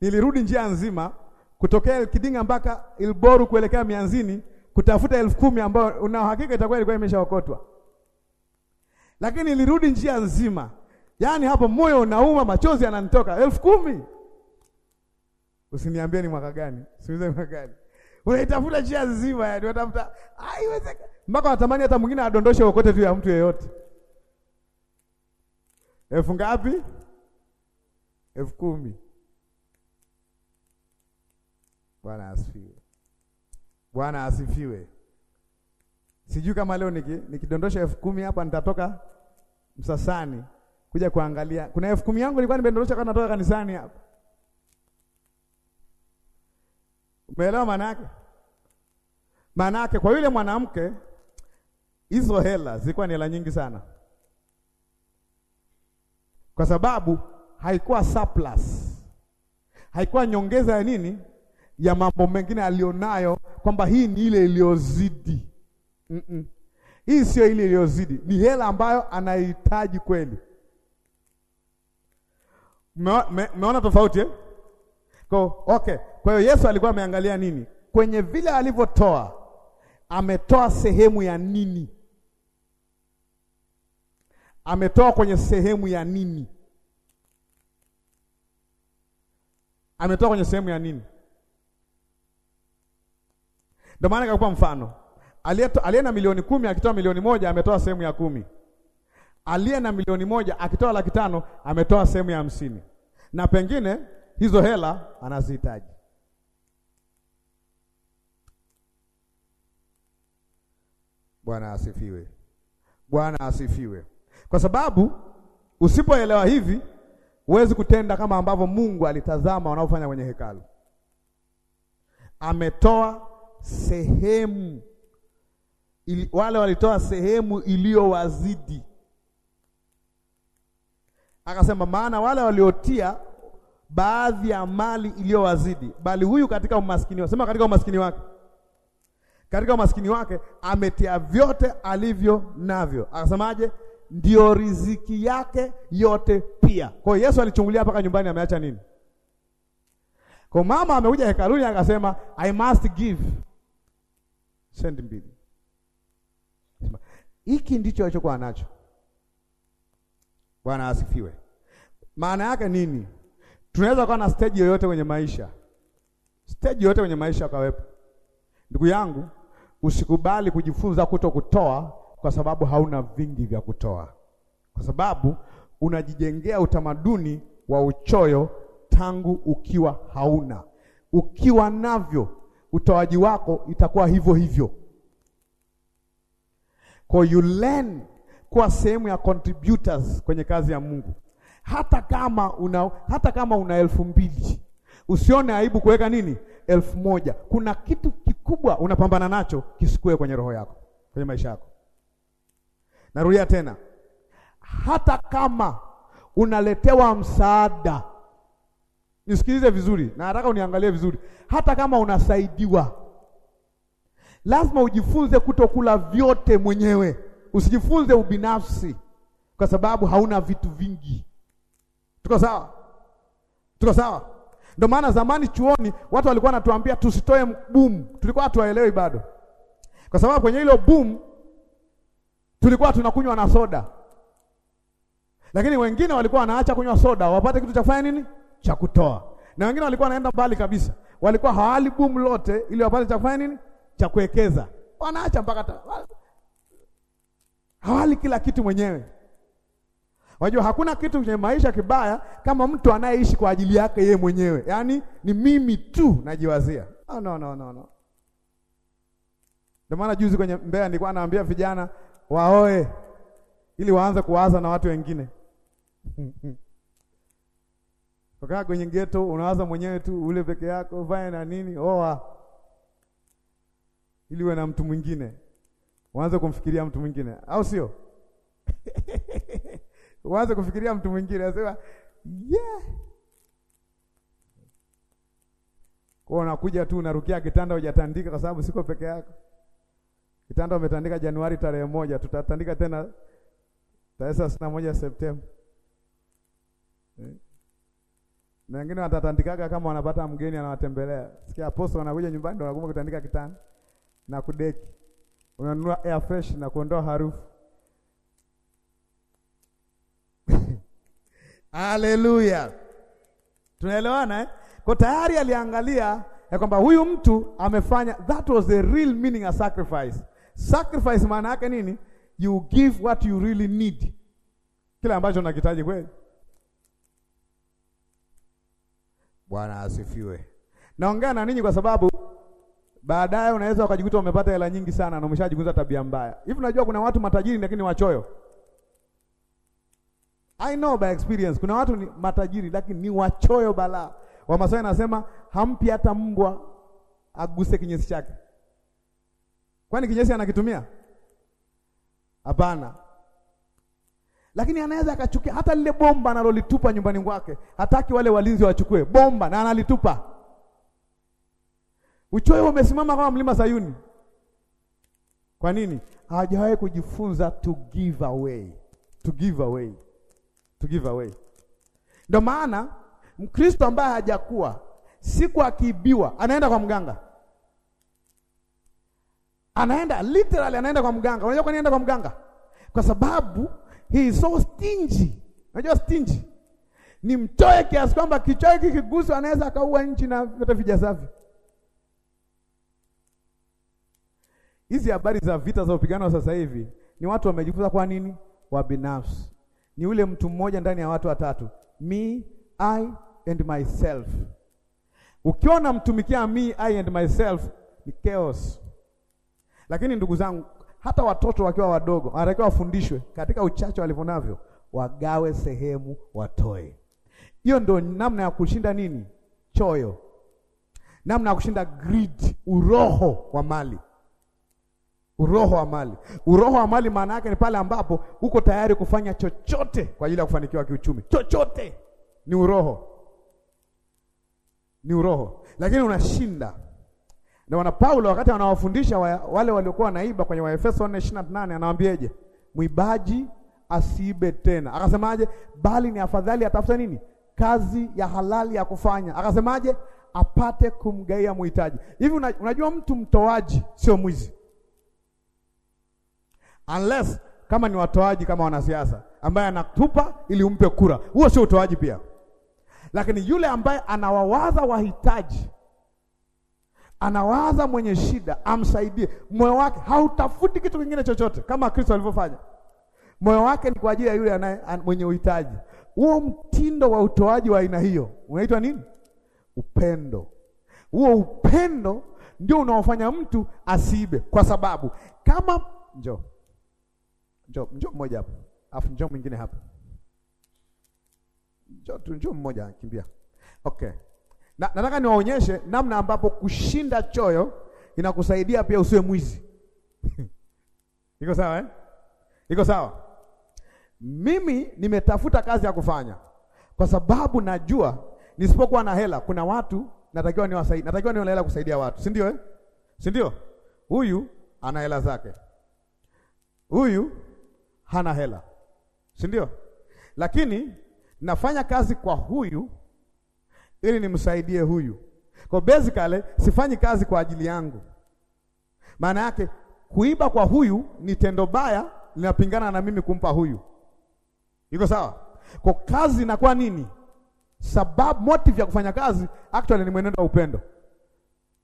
nilirudi njia nzima kutokea Kidinga mpaka Ilboru kuelekea Mianzini kutafuta elfu kumi ambayo una uhakika itakuwa ilikuwa imeshaokotwa, lakini nilirudi njia nzima. Yaani hapo moyo unauma, machozi yananitoka. elfu kumi usiniambie ni mwaka gani, siuze mwaka gani, unaitafuta njia nzima, yani unatafuta, haiwezekani mpaka unatamani hata mwingine adondoshe okote tu ya mtu yeyote elfu ngapi? elfu kumi. Bwana asifiwe. Bwana asifiwe. Sijui kama leo niki, nikidondosha elfu kumi hapa nitatoka Msasani kuja kuangalia. Kuna elfu kumi yangu nilikuwa nimedondosha kwa natoka kanisani hapa. Umeelewa maana yake? Maana yake kwa yule mwanamke hizo hela zilikuwa ni hela nyingi sana kwa sababu haikuwa surplus, haikuwa nyongeza ya nini ya mambo mengine alionayo, kwamba hii ni ile iliyozidi. mm -mm. Hii sio ile iliyozidi, ni hela ambayo anahitaji kweli. Mmeona tofauti eh? Kwa, okay. Kwa hiyo Yesu alikuwa ameangalia nini kwenye vile alivyotoa, ametoa sehemu ya nini? ametoa kwenye sehemu ya nini? Ametoa kwenye sehemu ya nini? Ndio maana nikakupa mfano, aliye na milioni kumi akitoa milioni moja ametoa sehemu ya kumi. Aliye na milioni moja akitoa laki tano ametoa sehemu ya hamsini, na pengine hizo hela anazihitaji. Bwana asifiwe. Bwana asifiwe. Kwa sababu usipoelewa hivi huwezi kutenda kama ambavyo Mungu alitazama wanaofanya kwenye hekalu. Ametoa sehemu ili, wale walitoa sehemu iliyowazidi akasema, maana wale waliotia baadhi ya mali iliyowazidi, bali huyu katika umaskini wake, sema katika umaskini wake, katika umaskini wake ametia vyote alivyo navyo, akasemaje? ndio riziki yake yote pia. Kwa Yesu alichungulia mpaka nyumbani, ameacha nini? Kwa mama amekuja hekaluni akasema, I must give sendi mbili. Hiki ndicho alichokuwa nacho. Bwana asifiwe. Maana yake nini? Tunaweza kuwa na stage yoyote kwenye maisha, stage yoyote kwenye maisha ukawepo. Ndugu yangu, usikubali kujifunza kuto kutoa kwa sababu hauna vingi vya kutoa, kwa sababu unajijengea utamaduni wa uchoyo tangu ukiwa hauna. Ukiwa navyo, utoaji wako itakuwa hivyo hivyo. Kwa you learn kuwa sehemu ya contributors kwenye kazi ya Mungu, hata kama una hata kama una elfu mbili usione aibu kuweka nini elfu moja. Kuna kitu kikubwa unapambana nacho kisikue kwenye roho yako, kwenye maisha yako. Narudia tena, hata kama unaletewa msaada, nisikilize vizuri na nataka uniangalie vizuri. Hata kama unasaidiwa, lazima ujifunze kutokula vyote mwenyewe, usijifunze ubinafsi, kwa sababu hauna vitu vingi. Tuko sawa? Tuko sawa? Ndio maana zamani chuoni watu walikuwa wanatuambia tusitoe boom, tulikuwa hatuwaelewi bado, kwa sababu kwenye hilo boom tulikuwa tunakunywa na soda, lakini wengine walikuwa wanaacha kunywa soda wapate kitu cha kufanya nini cha kutoa, na wengine walikuwa wanaenda mbali kabisa, walikuwa hawali bomu lote ili wapate cha kufanya nini cha kuwekeza, wanaacha mpaka hawali kila kitu mwenyewe. Wajua, hakuna kitu kwenye maisha kibaya kama mtu anayeishi kwa ajili yake yeye mwenyewe, yaani ni mimi tu najiwazia. Oh, no, no, no, no. Ndio maana juzi kwenye Mbeya nilikuwa naambia vijana waoe ili waanze kuwaza na watu wengine ukaa kwenye ghetto unawaza mwenyewe tu, ule peke yako, vae na nini, oa ili uwe na mtu mwingine, uanze kumfikiria mtu mwingine, au sio? uanze kufikiria mtu mwingine, asema yeah. Kwa unakuja tu unarukia kitanda hujatandika, kwa sababu siko peke yako. Kitanda umetandika Januari tarehe moja, tutatandika tena tarehe thelathini na moja Septemba eh? na wengine watatandikaga kama wanapata mgeni anawatembelea. Sikia apostol anakuja nyumbani ndo wanakumbuka kutandika kitanda na kudeki, unanunua air fresh na kuondoa harufu Haleluya, tunaelewana eh? Kwa tayari aliangalia ya kwamba huyu mtu amefanya, that was the real meaning of sacrifice. Sacrifice maana yake nini? You give what you really need, kile ambacho nakitaji kweli. Bwana asifiwe. Naongea na ninyi kwa sababu baadaye unaweza ukajikuta umepata hela nyingi sana na umeshajikunza tabia mbaya hivi. Unajua kuna watu matajiri lakini wachoyo. I know by experience, kuna watu ni matajiri lakini ni wachoyo balaa. Wamasai nasema hampi hata mbwa aguse kinyesi chake. Kwani kinyesi anakitumia? Hapana. Lakini anaweza akachukia hata lile bomba analolitupa nyumbani kwake, hataki wale walinzi wachukue bomba na analitupa. Uchoyo umesimama kama mlima Sayuni. Kwa nini? Hajawahi kujifunza to give away. To give away. To give away. Ndio maana Mkristo ambaye hajakuwa siku akiibiwa anaenda kwa mganga. Anaenda literally, anaenda kwa mganga. Unajua kwa nini anaenda kwa mganga? Kwa sababu he is so stingy. Unajua stingy ni mtoe kiasi kwamba kichwa hiki anaweza akaua nchi na vyote vijasafi. Hizi habari za vita za upigano sasa hivi ni watu wamejifunza kwa nini? Wa binafsi. Ni ule mtu mmoja ndani ya watu watatu, me I and myself. Ukiona mtumikia me I and myself ni chaos. Lakini ndugu zangu, hata watoto wakiwa wadogo wanatakiwa wafundishwe katika uchache walivyonavyo, wagawe sehemu, watoe. Hiyo ndio namna ya kushinda nini? Choyo, namna ya kushinda greed, uroho wa mali uroho wa mali. Uroho wa mali maana yake ni pale ambapo uko tayari kufanya chochote kwa ajili ya kufanikiwa kiuchumi. Chochote ni uroho, ni uroho, lakini unashinda ndio maana Paulo wakati anawafundisha wale waliokuwa wanaiba kwenye Waefeso 4:28 anawaambiaje? Mwibaji asiibe tena. Akasemaje? Bali ni afadhali atafute nini? Kazi ya halali ya kufanya. Akasemaje? Apate kumgaia muhitaji. Hivi unajua mtu mtoaji sio mwizi. Unless kama ni watoaji kama wanasiasa ambaye anatupa ili umpe kura, huo sio utoaji pia. Lakini yule ambaye anawawaza wahitaji anawaza mwenye shida amsaidie. Moyo wake hautafuti kitu kingine chochote, kama Kristo alivyofanya. Moyo wake ni kwa ajili ya yule anaye mwenye uhitaji. Huo mtindo wa utoaji wa aina hiyo unaitwa nini? Upendo. Huo upendo ndio unaofanya mtu asiibe, kwa sababu kama njo njo njo mmoja hapo, afu njo mwingine hapa, njo tu, njo mmoja kimbia. Okay. Na, nataka niwaonyeshe namna ambapo kushinda choyo inakusaidia pia usiwe mwizi. Iko sawa eh? Iko sawa. Mimi nimetafuta kazi ya kufanya kwa sababu najua nisipokuwa na hela kuna watu natakiwa niwasaidie, natakiwa niwe na hela kusaidia watu, si ndio eh? Si ndio? Huyu ana hela zake, huyu hana hela, si ndio? Lakini nafanya kazi kwa huyu ili nimsaidie huyu. Kwa basically sifanyi kazi kwa ajili yangu. Maana yake kuiba kwa huyu ni tendo baya, linapingana na mimi kumpa huyu. Iko sawa? Kwa kazi inakuwa nini? Sababu motive ya kufanya kazi actually ni mwenendo wa upendo.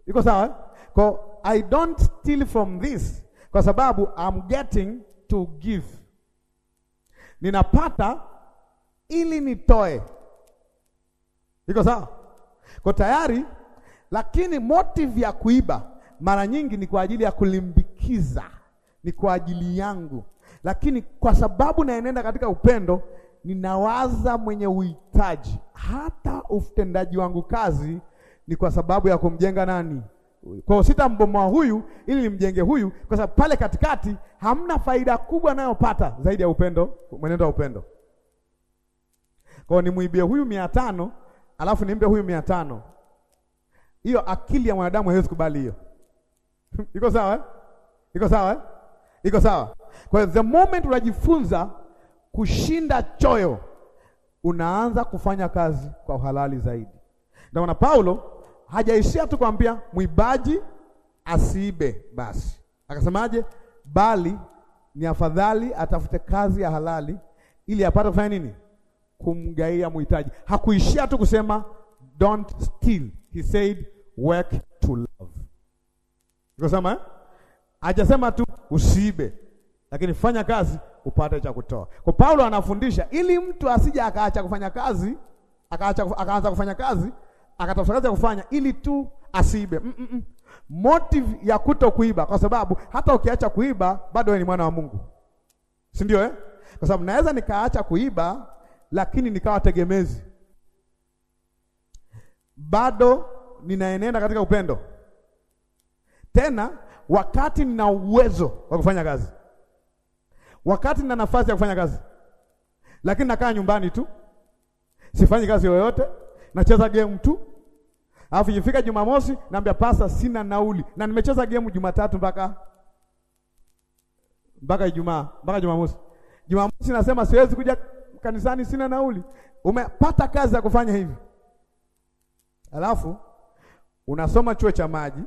Iko sawa? Kwa I don't steal from this kwa sababu I'm getting to give. Ninapata ili nitoe. Iko sawa? Kwa tayari, lakini motive ya kuiba mara nyingi ni kwa ajili ya kulimbikiza, ni kwa ajili yangu, lakini kwa sababu naenenda katika upendo, ninawaza mwenye uhitaji. Hata utendaji wangu kazi ni kwa sababu ya kumjenga nani? Kwa hiyo sitambomoa huyu ili nimjenge huyu, kwa sababu pale katikati hamna faida kubwa nayopata zaidi ya upendo, mwenendo wa upendo. Kwa hiyo nimuibie huyu mia tano alafu nimpe huyu mia tano. Hiyo akili ya mwanadamu haiwezi kubali hiyo. Iko sawa eh? Iko sawa eh? Iko sawa. Kwa hiyo the moment unajifunza kushinda choyo, unaanza kufanya kazi kwa uhalali zaidi. Ndio maana Paulo hajaishia tu kwambia mwibaji asiibe basi, akasemaje? Bali ni afadhali atafute kazi ya halali ili apate kufanya nini? kumgaia mhitaji. Hakuishia tu kusema don't steal, he said work to love. Niko eh? Hajasema tu usiibe, lakini fanya kazi upate cha kutoa. Kwa Paulo anafundisha ili mtu asije akaacha kufanya kazi, akaacha akaanza kufanya kazi, akatafuta kazi ya kufanya ili tu asiibe. Mm, mm -mm. Motive ya kuto kuiba kwa sababu hata ukiacha kuiba bado wewe ni mwana wa Mungu. Si ndio eh? Kwa sababu naweza nikaacha kuiba lakini nikawa tegemezi. Bado ninaenenda katika upendo, tena wakati nina uwezo wa kufanya kazi, wakati nina nafasi ya kufanya kazi, lakini nakaa nyumbani tu, sifanyi kazi yoyote, nacheza game tu. Alafu ikifika Jumamosi naambia pasa, sina nauli, na nimecheza game Jumatatu mpaka mpaka Ijumaa mpaka Jumamosi. Jumamosi nasema siwezi kuja kanisani sina nauli. Umepata kazi ya kufanya hivi, alafu unasoma chuo cha maji,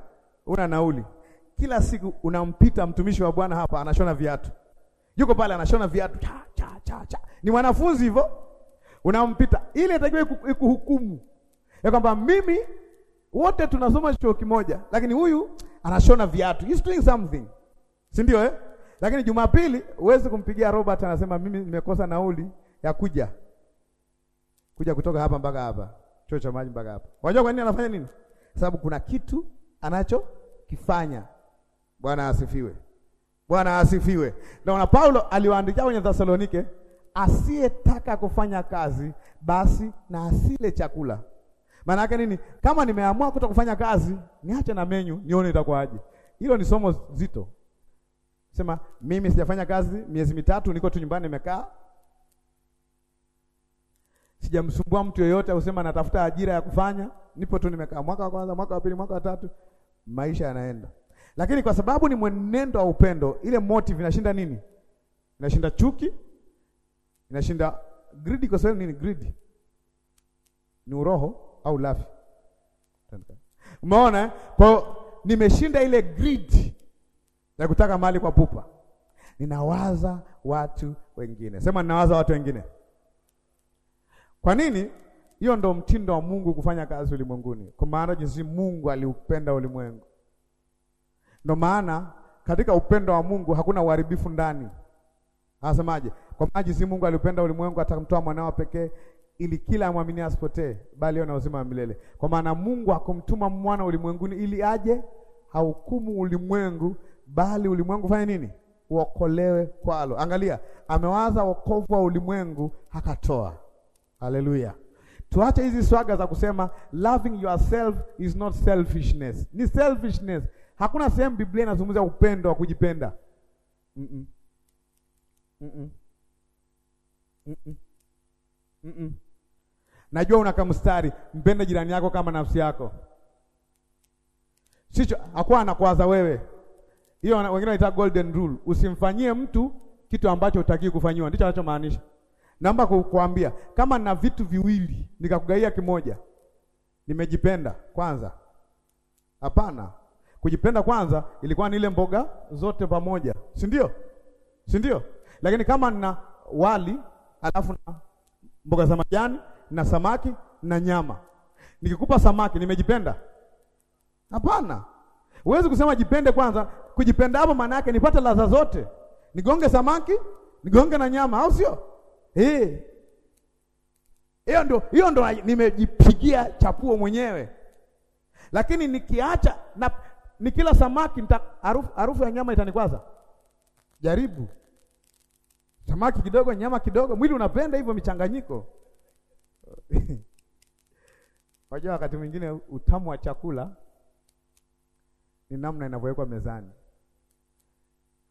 una nauli kila siku, unampita mtumishi wa Bwana hapa anashona viatu, yuko pale anashona viatu cha, cha, cha, cha. Ni mwanafunzi hivyo, unampita ile itakiwa ikuhukumu ya kwamba mimi, wote tunasoma chuo kimoja, lakini huyu anashona viatu, he's doing something, si ndio eh? Lakini Jumapili huwezi kumpigia Robert, anasema mimi nimekosa nauli ya kuja kuja kutoka hapa mpaka hapa, chuo cha maji mpaka hapa. Unajua kwa nini anafanya nini? Sababu kuna kitu anachokifanya. Bwana asifiwe, Bwana asifiwe. Ndio na Paulo aliwaandikia kwenye Thessalonike, asiyetaka kufanya kazi basi na asile chakula. Maana yake nini? Kama nimeamua kuto kufanya kazi, niache na menyu nione itakuwaje. Hilo ni somo zito. Sema mimi sijafanya kazi miezi mitatu, niko tu nyumbani nimekaa sijamsumbua mtu yeyote, usema natafuta ajira ya kufanya, nipo tu nimekaa, mwaka wa kwanza, mwaka wa pili, mwaka wa tatu, maisha yanaenda. Lakini kwa sababu ni mwenendo wa upendo, ile motive inashinda nini? Inashinda chuki, inashinda greed. Kwa sababu nini? Greed ni uroho au lafi. Umeona? Kwa nimeshinda ile greed ya kutaka mali kwa pupa, ninawaza watu wengine. Sema ninawaza watu wengine. Kwa nini? Hiyo ndo mtindo wa Mungu kufanya kazi ulimwenguni, kwa maana jinsi Mungu aliupenda ulimwengu. Ndo maana katika upendo wa Mungu hakuna uharibifu ndani. Anasemaje? Kwa maana jinsi Mungu aliupenda ulimwengu atamtoa mwanao pekee ili kila amwaminie asipotee, bali awe na uzima wa milele. Kwa maana Mungu hakumtuma mwana ulimwenguni ili aje hahukumu ulimwengu, bali ulimwengu fanye nini? Uokolewe kwalo. Angalia, amewaza wokovu wa ulimwengu akatoa Haleluya. Tuache hizi swaga za kusema loving yourself is not selfishness. Ni selfishness. Hakuna sehemu Biblia inazungumza upendo wa kujipenda. Mm -mm. Mm -mm. Mm -mm. Najua unakamstari mpende jirani yako kama nafsi yako. Sicho, hakuwa anakwaza wewe. Hiyo wengine wanaita golden rule, usimfanyie mtu kitu ambacho hutaki kufanyiwa, ndicho anachomaanisha. Naomba kukuambia kama na vitu viwili nikakugaia kimoja, nimejipenda kwanza. Hapana, kujipenda kwanza ilikuwa ni ile mboga zote pamoja, si ndio? si ndio? Lakini kama na wali alafu na mboga za majani na samaki na nyama, nikikupa samaki, nimejipenda? Hapana, huwezi kusema jipende kwanza. Kujipenda hapo maana yake nipate ladha zote, nigonge samaki, nigonge na nyama, au sio? eh, hiyo ndo hiyo ndo nimejipigia chapuo mwenyewe, lakini nikiacha na nikila samaki nita, harufu, harufu ya nyama itanikwaza. Jaribu samaki kidogo, nyama kidogo, mwili unapenda hivyo michanganyiko. Wajua, wakati mwingine utamu wa chakula ni namna inavyowekwa mezani.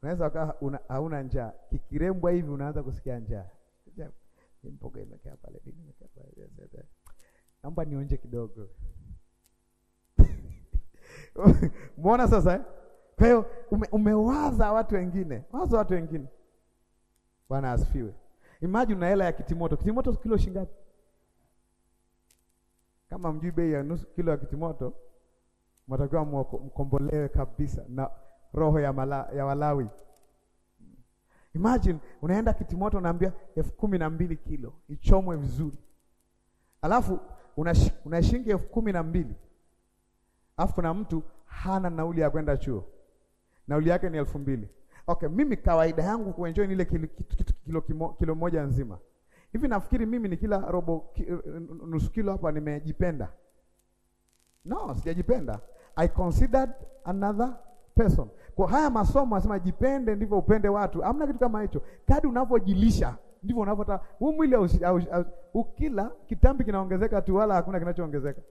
Unaweza ukawa hauna njaa, kikirembwa hivi unaanza kusikia njaa mboga imekaa pale, nini imekaa pale, naomba nionje kidogo Muona sasa eh? Kwa hiyo ume, umewaza watu wengine, waza watu wengine. Bwana asifiwe. Imagine una hela ya kitimoto. Kitimoto kilo shingapi? Kama mjui bei ya nusu kilo ya kitimoto, mtakiwa mkombolewe kabisa na roho ya, mala, ya Walawi. Imagine unaenda kitimoto, naambia elfu kumi na mbili kilo ichomwe vizuri, alafu unashingi elfu kumi na mbili alafu kuna mtu hana nauli ya kwenda chuo, nauli yake ni elfu mbili Okay, mimi kawaida yangu kuenjoy ile kilo, kilo, kilo, kilo moja nzima hivi, nafikiri mimi ni kila robo nusu kilo hapa nimejipenda? No, sijajipenda. I considered another person. Kwa haya masomo anasema jipende ndivyo upende watu. Hamna kitu kama hicho. Kadi unavyojilisha ndivyo unavyotaka. Huu mwili au ukila kitambi kinaongezeka tu wala hakuna kinachoongezeka.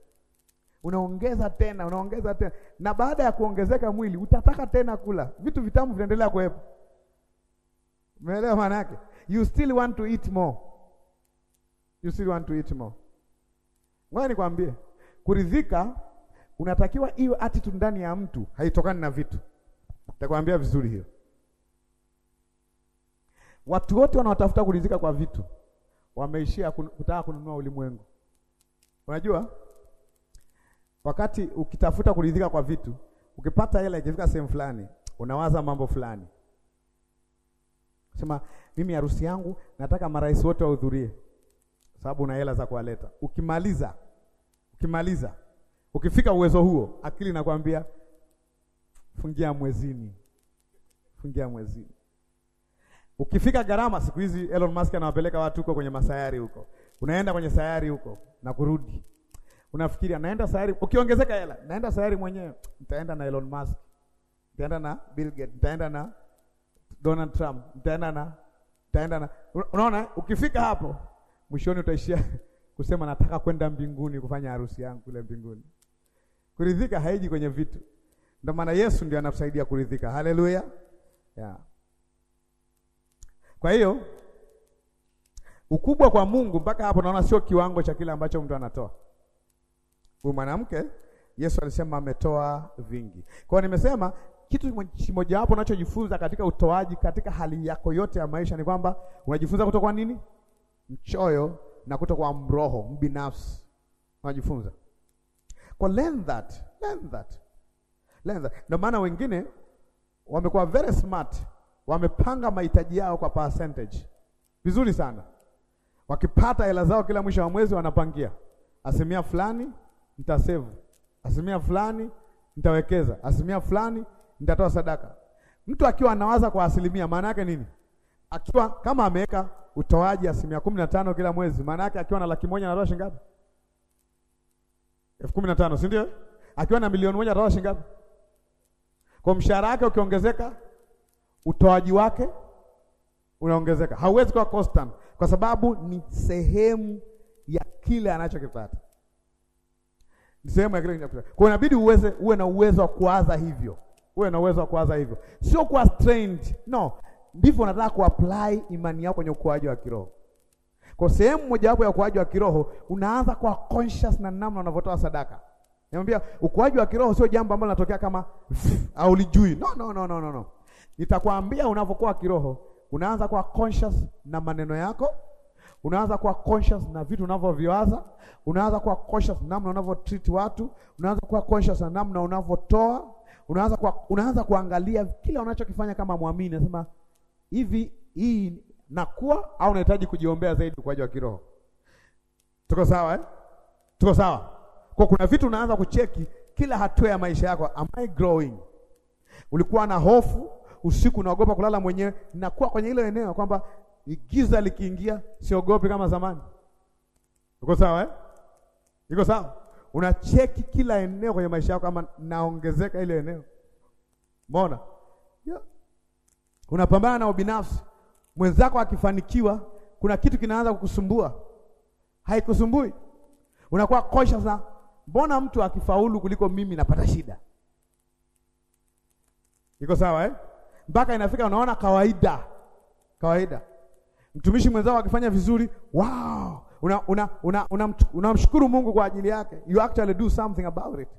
Unaongeza tena, unaongeza tena. Na baada ya kuongezeka mwili utataka tena kula. Vitu vitamu vinaendelea kuwepo. Umeelewa maana yake? You still want to eat more. You still want to eat more. Ngoja nikwambie, kuridhika unatakiwa hiyo attitude ndani ya mtu, haitokani na vitu. Nitakwambia vizuri hiyo. Watu wote wanaotafuta kuridhika kwa vitu wameishia kutaka kununua ulimwengu. Unajua, wakati ukitafuta kuridhika kwa vitu, ukipata hela ikifika sehemu fulani, unawaza mambo fulani, sema mimi harusi yangu nataka marais wote wahudhurie, sababu una hela za kuwaleta. Ukimaliza ukimaliza Ukifika uwezo huo, akili inakwambia fungia mwezini, fungia mwezini. Ukifika gharama, siku hizi Elon Musk anawapeleka watu huko kwenye masayari huko, unaenda kwenye sayari huko na kurudi, unafikiri anaenda sayari. Ukiongezeka hela, naenda sayari mwenyewe, nitaenda na Elon Musk, nitaenda na Bill Gates, nitaenda na Donald Trump, nitaenda na nitaenda na. Unaona, ukifika hapo mwishoni utaishia kusema nataka kwenda mbinguni kufanya harusi yangu kule mbinguni. Kuridhika haiji kwenye vitu, ndio maana Yesu ndio anatusaidia kuridhika. Haleluya, yeah. Kwa hiyo ukubwa kwa Mungu mpaka hapo naona sio kiwango cha kile ambacho mtu anatoa. Huyu mwanamke Yesu alisema ametoa vingi. Kwa hiyo nimesema kitu kimojawapo unachojifunza katika utoaji, katika hali yako yote ya maisha ni kwamba unajifunza kutoka nini? Mchoyo na kutoka mroho mbinafsi unajifunza kwa learn that, learn that, learn that. Ndio maana wengine wamekuwa very smart, wamepanga mahitaji yao kwa percentage vizuri sana. Wakipata hela zao kila mwisho wa mwezi, wanapangia asilimia fulani nitasevu, asilimia fulani nitawekeza, asilimia fulani nitatoa sadaka. Mtu akiwa anawaza kwa asilimia, maana yake nini? Akiwa kama ameweka utoaji asilimia kumi na tano kila mwezi, maana yake akiwa na laki moja anatoa shilingi ngapi? elfu kumi na tano si ndio? Akiwa na milioni moja atatoa shilingi ngapi? Kwa mshahara wake ukiongezeka, utoaji wake unaongezeka. Hauwezi kuwa constant kwa sababu ni sehemu ya kile anachokipata, ni sehemu ya kile anachokipata. Kwa inabidi uweze uwe na uwezo wa kuwaza hivyo, uwe na uwezo wa kuwaza hivyo, sio kwa strained. No, ndivyo nataka kuapply imani yako kwenye ukuaji wa kiroho. Kwa sehemu mojawapo ya ukuaji wa kiroho unaanza kwa conscious na namna unavyotoa sadaka. Nimwambia ukuaji wa kiroho sio jambo ambalo linatokea kama au lijui. No, no, no, no, no. Nitakwambia unavyokuwa kiroho, unaanza kwa conscious na maneno yako, unaanza kwa conscious na vitu unavyoviwaza, unaanza kwa conscious namna treat watu, unaanza kwa conscious na namna unavyotoa, unaanza kwa unaanza kuangalia kila unachokifanya kama muamini, nasema hivi hii na kuwa au unahitaji kujiombea zaidi ukuaji wa kiroho? Tuko sawa eh? Tuko sawa. Kwa kuna vitu unaanza kucheki kila hatua ya maisha yako, am I growing? Ulikuwa na hofu usiku, unaogopa kulala mwenyewe, nakuwa kwenye ile eneo kwamba giza likiingia siogopi kama zamani. Uko sawa eh? Iko sawa? Unacheki kila eneo kwenye maisha yako kama naongezeka ile eneo. Mbona? Yeah. Unapambana na ubinafsi mwenzako akifanikiwa, kuna kitu kinaanza kukusumbua. Haikusumbui? Unakuwa kosha sana, mbona mtu akifaulu kuliko mimi napata shida? Iko sawa eh? Mpaka inafika unaona kawaida, kawaida. Mtumishi mwenzako akifanya vizuri, wow, una una unamshukuru una, una Mungu kwa ajili yake. You actually do something about it.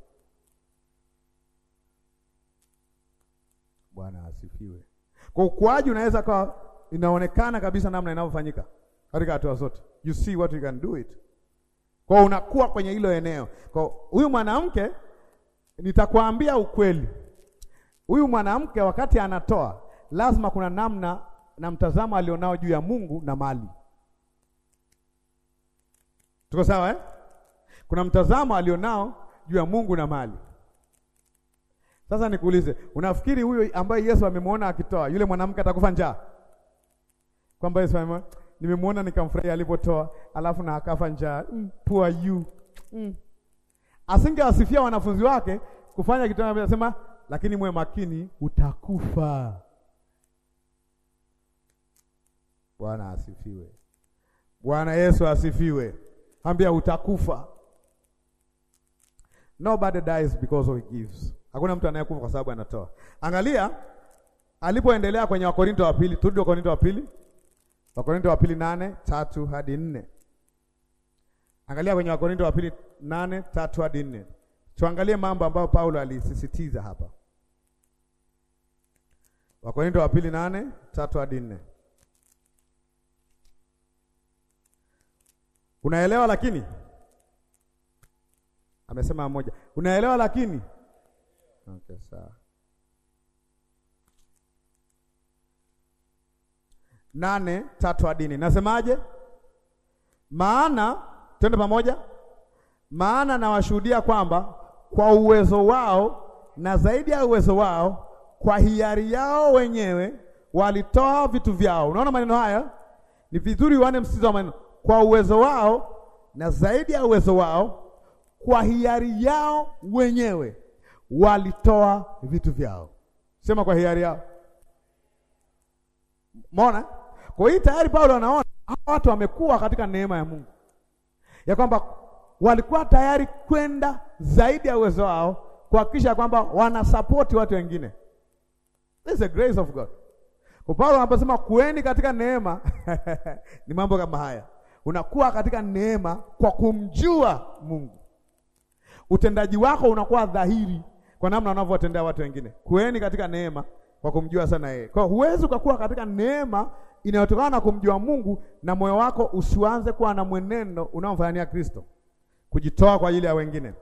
Bwana asifiwe. Kwa ukuaji unaweza kwa inaonekana kabisa namna inavyofanyika katika hatua zote. You see what you can do it. Kwa unakuwa kwenye hilo eneo. Kwa huyu mwanamke nitakwambia ukweli. Huyu mwanamke wakati anatoa lazima kuna namna na mtazamo alionao juu ya Mungu na mali. Tuko sawa eh? Kuna mtazamo alionao juu ya Mungu na mali. Sasa nikuulize, unafikiri huyo ambaye Yesu amemwona akitoa, yule mwanamke atakufa njaa? kwamba Yesu anasema nimemwona nikamfurahia alipotoa, alafu na akafa njaa. Mm, poor you. Mm. Asinge asifia wanafunzi wake kufanya kitu ambacho anasema, lakini mwe makini, utakufa. Bwana asifiwe. Bwana Yesu asifiwe. Ambia utakufa. Nobody dies because he gives. Hakuna mtu anayekufa kwa sababu anatoa. Angalia alipoendelea kwenye Wakorinto wa pili, turudi Wakorinto wa pili wakorinto wa pili nane tatu hadi nne. Angalia kwenye Wakorinto wa pili nane tatu hadi nne. Tuangalie mambo ambayo Paulo alisisitiza hapa. Wakorinto wa pili nane tatu hadi nne. Unaelewa lakini? Amesema mmoja. Unaelewa lakini? Okay, sawa. nane tatu hadi nne nasemaje? Maana twende pamoja. Maana nawashuhudia kwamba kwa uwezo wao na zaidi ya uwezo wao, kwa hiari yao wenyewe walitoa vitu vyao. Unaona maneno haya ni vizuri, uone msitizo wa maneno kwa uwezo wao na zaidi ya uwezo wao, kwa hiari yao wenyewe walitoa vitu vyao. Sema kwa hiari yao, mona kwa hiyo tayari Paulo anaona hawa watu wamekuwa katika neema ya Mungu ya kwamba walikuwa tayari kwenda zaidi ya uwezo wao kuhakikisha kwamba wanasapoti watu wengine. This is the grace of God. Kwa Paulo anaposema kueni katika neema ni mambo kama haya, unakuwa katika neema kwa kumjua Mungu. Utendaji wako unakuwa dhahiri kwa namna unavyowatendea watu wengine. Kueni katika neema kwa kumjua sana yeye. Kwa huwezi ukakuwa katika neema inayotokana na kumjua Mungu na moyo wako usianze kuwa na mwenendo unaomfanyia Kristo, kujitoa kwa ajili ya wengine.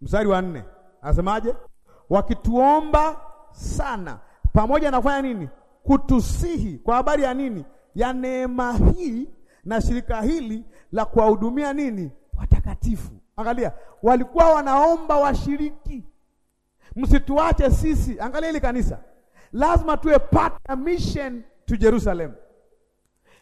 Mstari wa nne anasemaje? Wakituomba sana pamoja na kufanya nini? Kutusihi kwa habari ya nini? Ya neema hii na shirika hili la kuwahudumia nini? Watakatifu. Angalia, walikuwa wanaomba washiriki, msituache sisi. Angalia hili kanisa, lazima tuwe part ya mission to Jerusalem.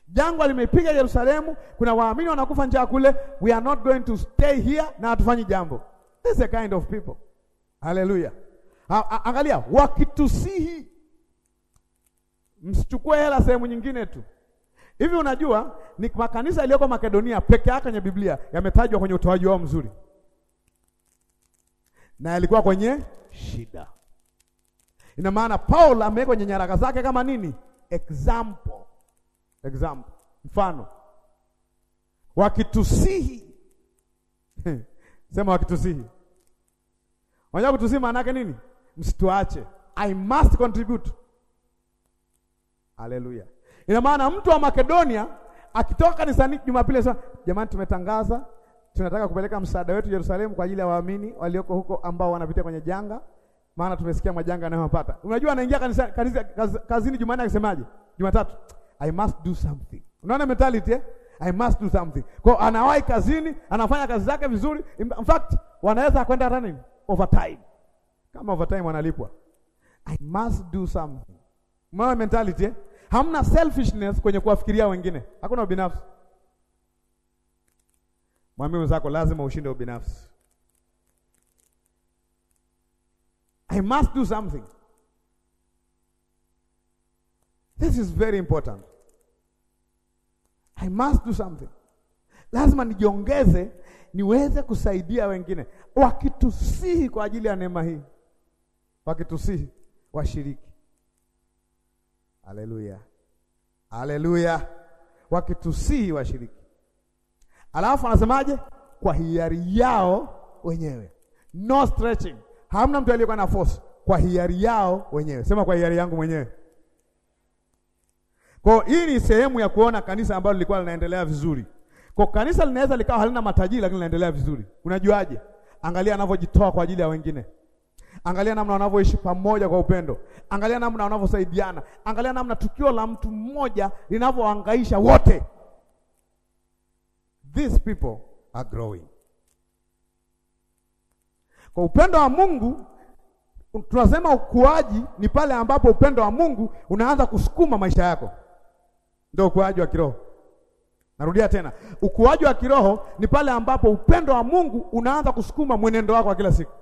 Jangwa limepiga Yerusalemu, kuna waamini wanakufa njaa kule. We are not going to stay here, na hatufanyi jambo. This is a kind of people. Hallelujah. Angalia, wakitusihi msichukue hela sehemu nyingine tu. Hivi unajua ni makanisa yaliyoko Makedonia peke yake kwenye Biblia yametajwa kwenye utoaji wao mzuri, na yalikuwa kwenye shida. Ina maana Paul amewekwa kwenye nyaraka zake kama nini example example, mfano wakitusihi sema wakitusihi. wanja kutusihi maana yake nini? Msituache, I must contribute. Haleluya! Ina maana mtu wa Makedonia akitoka kanisani Jumapili sema jamani, tumetangaza tunataka kupeleka msaada wetu Yerusalemu kwa ajili ya waamini walioko huko ambao wanapitia kwenye janga maana tumesikia majanga anayopata. Unajua anaingia kanisa, kanisa kaz, kazini Jumanne akisemaje? Jumatatu, I must do something. Unaona mentality eh? I must do something. Kwa anawahi kazini, anafanya kazi zake vizuri. In fact, wanaweza kwenda hata nini? Overtime. Kama overtime wanalipwa. I must do something. Unaona mentality eh? Hamna selfishness kwenye kuwafikiria wengine. Hakuna ubinafsi. Mwambie mwenzako lazima ushinde ubinafsi. I must do something. This is very important. I must do something. Lazima nijiongeze niweze kusaidia wengine. Wakitusihi kwa ajili ya neema hii, wakitusihi washiriki. Haleluya, haleluya! Wakitusihi washiriki. Alafu anasemaje? Kwa hiari yao wenyewe, no stretching Hamna mtu aliyekuwa na force kwa hiari yao wenyewe. Sema kwa hiari yangu mwenyewe. Kwa hii ni sehemu ya kuona kanisa ambalo lilikuwa linaendelea vizuri. Kwa kanisa linaweza likawa halina matajiri lakini linaendelea vizuri. Unajuaje? Angalia anavyojitoa kwa ajili ya wengine. Angalia namna wanavyoishi pamoja kwa upendo. Angalia namna wanavyosaidiana. Angalia namna tukio la mtu mmoja linavyoangaisha wote. These people are growing. Kwa upendo wa Mungu tunasema ukuaji ni pale ambapo upendo wa Mungu unaanza kusukuma maisha yako, ndio ukuaji wa kiroho. Narudia tena, ukuaji wa kiroho ni pale ambapo upendo wa Mungu unaanza kusukuma mwenendo wako wa kila siku.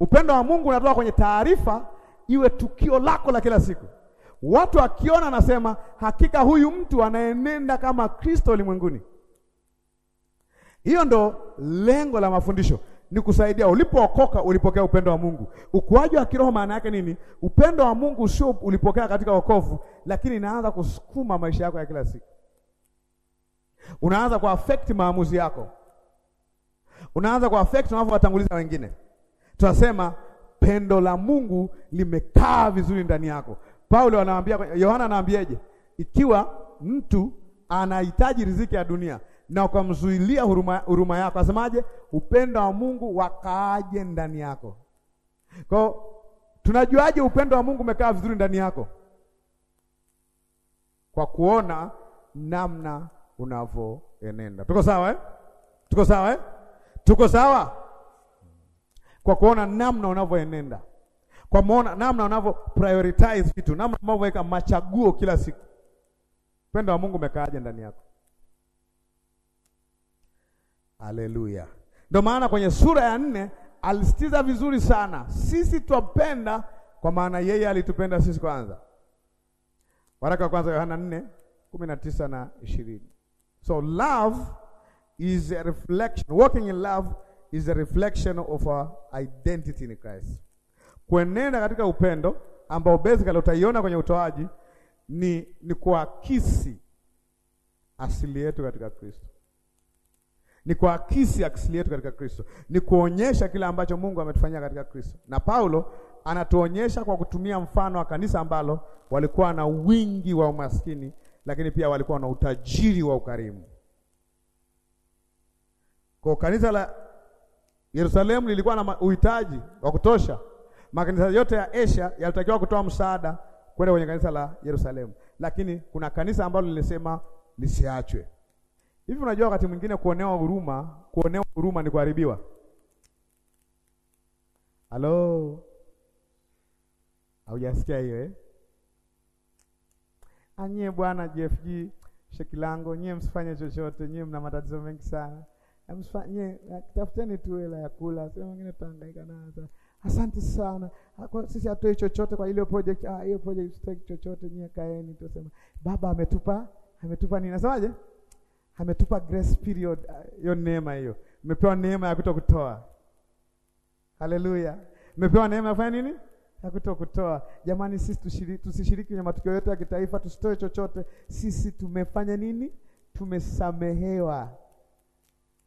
Upendo wa Mungu unatoka kwenye taarifa iwe tukio lako la kila siku. Watu wakiona, anasema hakika huyu mtu anaenenda kama Kristo ulimwenguni. Hiyo ndo lengo la mafundisho, ni kusaidia. Ulipookoka ulipokea upendo wa Mungu. Ukuaji wa kiroho maana yake nini? Upendo wa Mungu sio ulipokea katika wokovu, lakini inaanza kusukuma maisha yako ya kila siku. Unaanza kuaffect maamuzi yako, unaanza kuaffect unavyowatanguliza wengine. Tunasema pendo la Mungu limekaa vizuri ndani yako. Paulo anawaambia, Yohana anawaambiaje? Ikiwa mtu anahitaji riziki ya dunia na ukamzuilia huruma, huruma yako. Asemaje? upendo wa Mungu wakaaje ndani yako. Kwa tunajuaje upendo wa Mungu umekaa vizuri ndani yako? Kwa kuona namna unavyoenenda. Tuko sawa eh? Tuko sawa eh? Tuko sawa kwa kuona namna unavyoenenda, kwa muona namna unavyo prioritize vitu, namna unavyoweka machaguo kila siku. Upendo wa Mungu umekaaje ndani yako? Haleluya! Ndio maana kwenye sura ya nne alisitiza vizuri sana, sisi twapenda kwa maana yeye alitupenda sisi kwanza. Waraka wa kwanza Yohana 419 na 20. So love is a reflection, walking in love is a reflection of our identity in Christ. Kuenenda katika upendo ambao basically utaiona kwenye utoaji ni, ni kuakisi asili yetu katika Kristo ni kuakisi asili yetu katika Kristo, ni kuonyesha kile ambacho Mungu ametufanyia katika Kristo. Na Paulo anatuonyesha kwa kutumia mfano wa kanisa ambalo walikuwa na wingi wa umaskini, lakini pia walikuwa na utajiri wa ukarimu. Kwa kanisa la Yerusalemu lilikuwa na uhitaji wa kutosha. Makanisa yote ya Asia yalitakiwa kutoa msaada kwenda kwenye kanisa la Yerusalemu, lakini kuna kanisa ambalo lilisema lisiachwe. Hivi unajua wakati mwingine kuonewa huruma, kuonewa huruma ni kuharibiwa. Halo, haujasikia hiyo eh? Anye ah, bwana JFG shekilango, nyie msifanye chochote, nyie mna matatizo mengi sana, ah, msifanye, ah, tafuteni tu hela ya kula, sio mwingine tutahangaika nazo. Asante sana kwa sisi, hatoi chochote kwa ile project. Ah, hiyo project sitaki chochote, nyie kaeni. Tusema baba ametupa, ametupa nini, nasemaje? ametupa grace period, uh, hiyo neema hiyo. Umepewa neema ya kutokutoa. Haleluya. Umepewa neema ya kufanya nini? Ya kutokutoa. Jamani, sisi tushiriki, tusishiriki kwenye matukio yote ya kitaifa, tusitoe chochote. Sisi tumefanya nini? Tumesamehewa.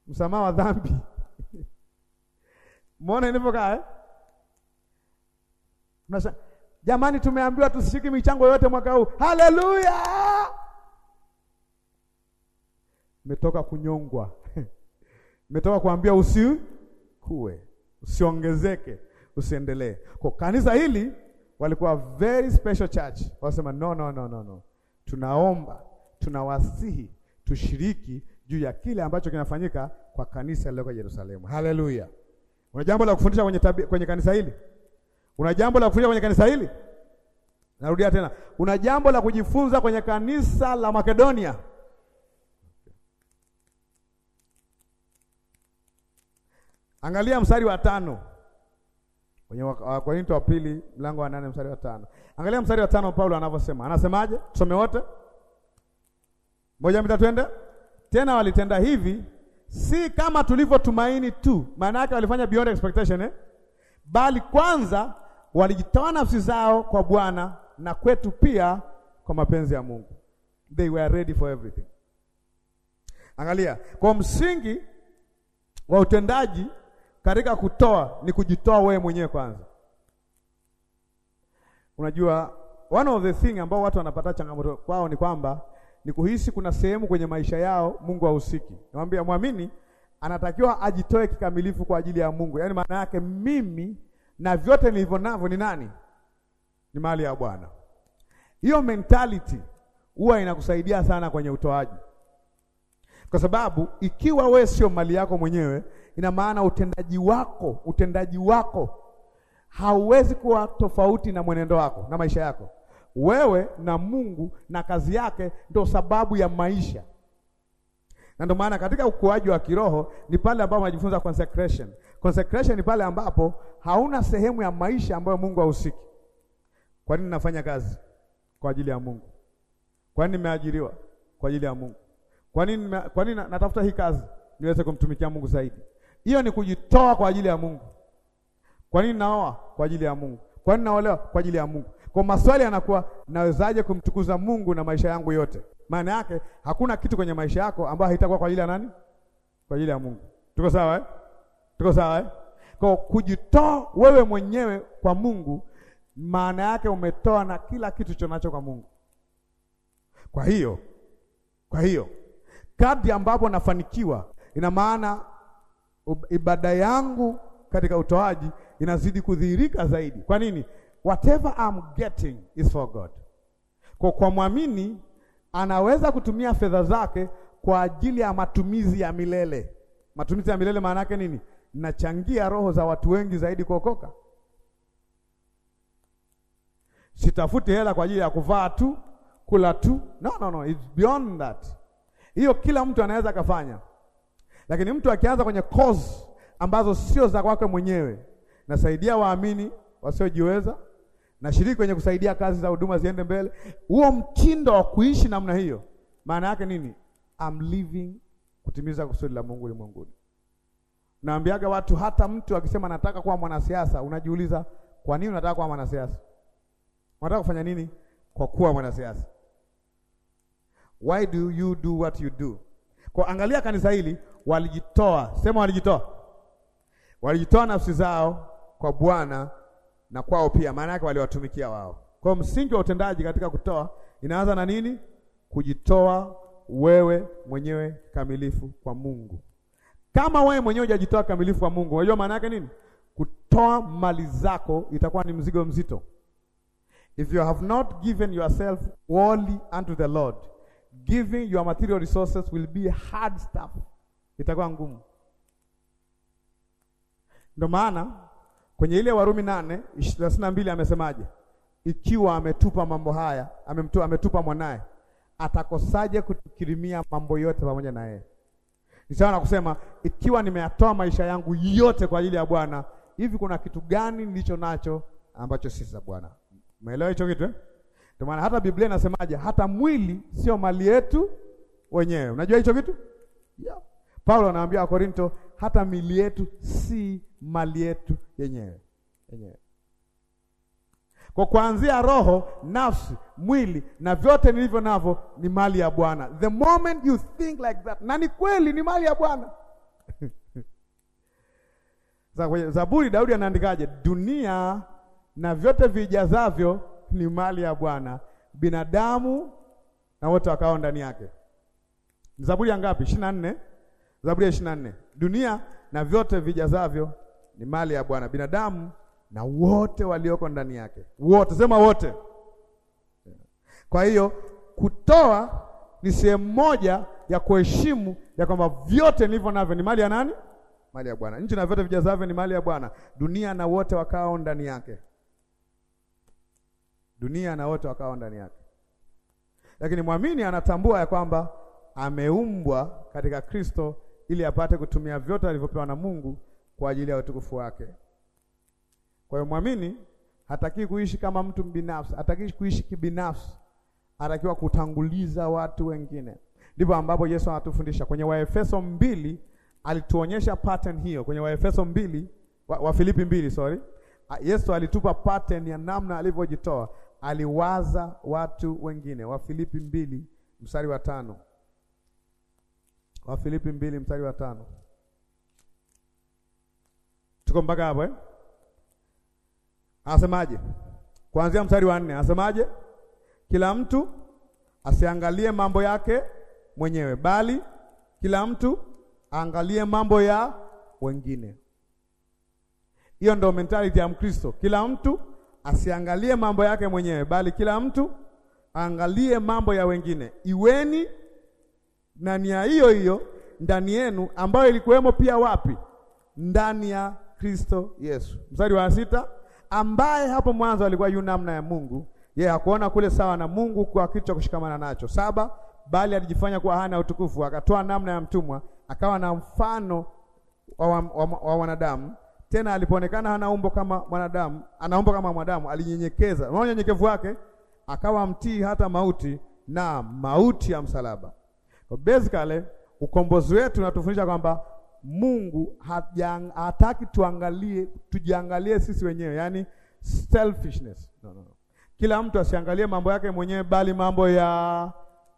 Msamaha wa dhambi. Muone nilivyokaa eh? Jamani, tumeambiwa tusishiriki michango yote mwaka huu. Haleluya! umetoka kunyongwa umetoka kuambia usikue usiongezeke, usiendelee. Kwa kanisa hili walikuwa very special church, wasema no, no, no, no, no. Tunaomba, tunawasihi tushiriki juu ya kile ambacho kinafanyika kwa kanisa lililoko Yerusalemu. Haleluya! Una jambo la kufundisha kwenye, tabi, kwenye kanisa hili? Una jambo la kufundisha kwenye kanisa hili? Narudia tena, una jambo la kujifunza kwenye kanisa la Makedonia? Angalia mstari wa tano kwenye wakorinto wa pili mlango wa nane mstari wa tano. Angalia mstari wa tano Paulo anavyosema, anasemaje? Tusome wote moja mita twende tena. Walitenda hivi si kama tulivyotumaini tu, maana yake walifanya beyond expectation eh? Bali kwanza walijitoa nafsi zao kwa Bwana na kwetu pia kwa mapenzi ya Mungu. They were ready for everything. Angalia, kwa msingi wa utendaji katika kutoa ni kujitoa wewe mwenyewe kwanza. Unajua, one of the thing ambao watu wanapata changamoto kwao ni kwamba ni kuhisi kuna sehemu kwenye maisha yao Mungu hahusiki. Nawaambia mwamini anatakiwa ajitoe kikamilifu kwa ajili ya Mungu. Yaani maana yake mimi na vyote nilivyo navyo ni nani? Ni mali ya Bwana. Hiyo mentality huwa inakusaidia sana kwenye utoaji, kwa sababu ikiwa wewe sio mali yako mwenyewe, Ina maana utendaji wako, utendaji wako hauwezi kuwa tofauti na mwenendo wako na maisha yako. Wewe na Mungu na kazi yake ndio sababu ya maisha. Na ndio maana katika ukuaji wa kiroho ni pale ambapo unajifunza consecration. Consecration ni pale ambapo hauna sehemu ya maisha ambayo Mungu hahusiki. Kwa nini nafanya kazi? Kwa ajili ya Mungu. Kwa nini nimeajiriwa? Kwa ajili ya Mungu. Kwa nini kwa nini natafuta hii kazi? Niweze kumtumikia Mungu zaidi. Hiyo ni kujitoa kwa ajili ya Mungu. Kwa nini naoa? Kwa ajili ya Mungu. Kwa nini naolewa? Kwa ajili ya Mungu. Kwa maswali yanakuwa nawezaje kumtukuza Mungu na maisha yangu yote? Maana yake hakuna kitu kwenye maisha yako ambayo haitakuwa kwa ajili ya nani? Kwa ajili ya Mungu. Tuko sawa eh? Tuko sawa eh? Kwa kujitoa wewe mwenyewe kwa Mungu, maana yake umetoa na kila kitu chonacho kwa Mungu. Kwa hiyo, kwa hiyo kadri ambapo nafanikiwa, ina maana ibada yangu katika utoaji inazidi kudhihirika zaidi. Kwa nini? Whatever I'm getting is for God. Kwa, kwa mwamini anaweza kutumia fedha zake kwa ajili ya matumizi ya milele. Matumizi ya milele maana yake nini? Nachangia roho za watu wengi zaidi kuokoka. Sitafuti hela kwa ajili ya kuvaa tu, kula tu. No, no, no, it's beyond that. Hiyo kila mtu anaweza akafanya. Lakini mtu akianza kwenye cause ambazo sio za kwake mwenyewe, nasaidia waamini wasiojiweza, nashiriki kwenye kusaidia kazi za huduma ziende mbele, huo mtindo wa kuishi namna hiyo, maana yake nini? I'm living kutimiza kusudi la Mungu ulimwenguni. Naambiaga watu, hata mtu akisema nataka kuwa mwanasiasa, unajiuliza kwa nini unataka kuwa mwanasiasa? Unataka kufanya nini kwa kuwa mwanasiasa? Why do you do what you do? Kwa angalia kanisa hili, walijitoa, sema walijitoa, walijitoa nafsi zao kwa Bwana na kwao pia, maana yake waliwatumikia wao. Kwa msingi wa utendaji katika kutoa inaanza na nini? Kujitoa wewe mwenyewe kamilifu kwa Mungu. Kama wewe mwenyewe hujajitoa kamilifu kwa Mungu, unajua maana yake nini? Kutoa mali zako itakuwa ni mzigo mzito. If you have not given yourself wholly unto the Lord, giving your material resources will be hard stuff itakuwa ngumu. Ndio maana kwenye ile Warumi nane thelathini na mbili amesemaje? Ikiwa ametupa mambo haya, amemtua, ametupa mwanaye, atakosaje kutukirimia mambo yote pamoja na yeye? Ni sawa na kusema ikiwa nimeyatoa maisha yangu yote kwa ajili ya Bwana, hivi kuna kitu gani nilicho nacho ambacho si za Bwana? Umeelewa hicho kitu eh? Ndio maana hata Biblia inasemaje, hata mwili sio mali yetu wenyewe. Unajua hicho kitu yeah. Paulo anaambia Wakorinto, hata mili yetu si mali yetu yenyewe yenyewe, kwa kuanzia roho, nafsi, mwili na vyote nilivyo navyo ni mali ya Bwana. The moment you think like that, na ni kweli ni mali ya Bwana. Zaburi, Daudi anaandikaje? Dunia na vyote vijazavyo ni mali ya Bwana, binadamu na wote wakao ndani yake. Zaburi ya ngapi? ishirini na nne. Zaburi ya ishirini na nne dunia na vyote vijazavyo ni mali ya Bwana, binadamu na wote walioko ndani yake, wote sema wote. Kwa hiyo kutoa ni sehemu moja ya kuheshimu ya kwamba vyote nilivyo navyo ni mali ya nani? Mali ya Bwana. Nchi na vyote vijazavyo ni mali ya Bwana, dunia na wote wakao ndani yake, dunia na wote wakao ndani yake. Lakini mwamini anatambua ya kwamba ameumbwa katika Kristo ili apate kutumia vyote alivyopewa na Mungu kwa ajili ya utukufu wake. Kwa hiyo mwamini hataki kuishi kama mtu binafsi, hataki kuishi kibinafsi, atakiwa kutanguliza watu wengine. Ndipo ambapo Yesu anatufundisha kwenye Waefeso mbili, alituonyesha pattern hiyo kwenye Waefeso mbili, wa, wa Filipi mbili, sorry. Yesu alitupa pattern ya namna alivyojitoa, aliwaza watu wengine. Filipi mbili mstari wa tano wa Filipi mbili mstari wa tano. Tuko mpaka hapo eh? Anasemaje? Kuanzia mstari wa nne anasemaje? Kila mtu asiangalie mambo yake mwenyewe, bali kila mtu aangalie mambo ya wengine. Hiyo ndio mentality ya Mkristo. Kila mtu asiangalie mambo yake mwenyewe, bali kila mtu aangalie mambo ya wengine. Iweni na nia hiyo hiyo ndani yenu ambayo ilikuwemo pia wapi? Ndani ya Kristo Yesu. Mstari wa sita, ambaye hapo mwanzo alikuwa yu namna ya Mungu, yeye hakuona kule sawa na Mungu kwa kitu cha kushikamana nacho. Saba, bali alijifanya kuwa hana utukufu, akatoa namna ya mtumwa, akawa na mfano wa, wa, wa, wa wanadamu. Tena alipoonekana hana umbo kama mwanadamu, ana umbo kama mwanadamu, alinyenyekeza. Unaona unyenyekevu wake, akawa mtii hata mauti na mauti ya msalaba. Kwa basically ukombozi wetu unatufundisha kwamba Mungu hataki tuangalie, tujiangalie sisi wenyewe, yaani selfishness. No, no, no. Kila mtu asiangalie mambo yake mwenyewe bali mambo ya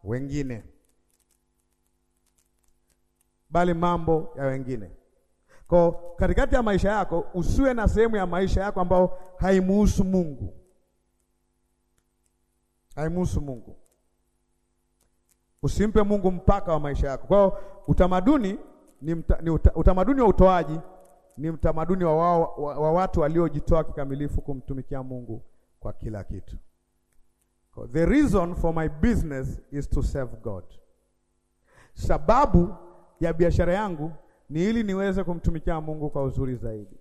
wengine, bali mambo ya wengine. Kwa katikati ya maisha yako usiwe na sehemu ya maisha yako ambayo haimuhusu Mungu, haimuhusu Mungu. Usimpe Mungu mpaka wa maisha yako. Kwa hiyo utamaduni ni, mta, ni uta, utamaduni wa utoaji ni utamaduni wa, wa, wa, wa watu waliojitoa kikamilifu kumtumikia Mungu kwa kila kitu. The reason for my business is to serve God. Sababu ya biashara yangu ni ili niweze kumtumikia Mungu kwa uzuri zaidi.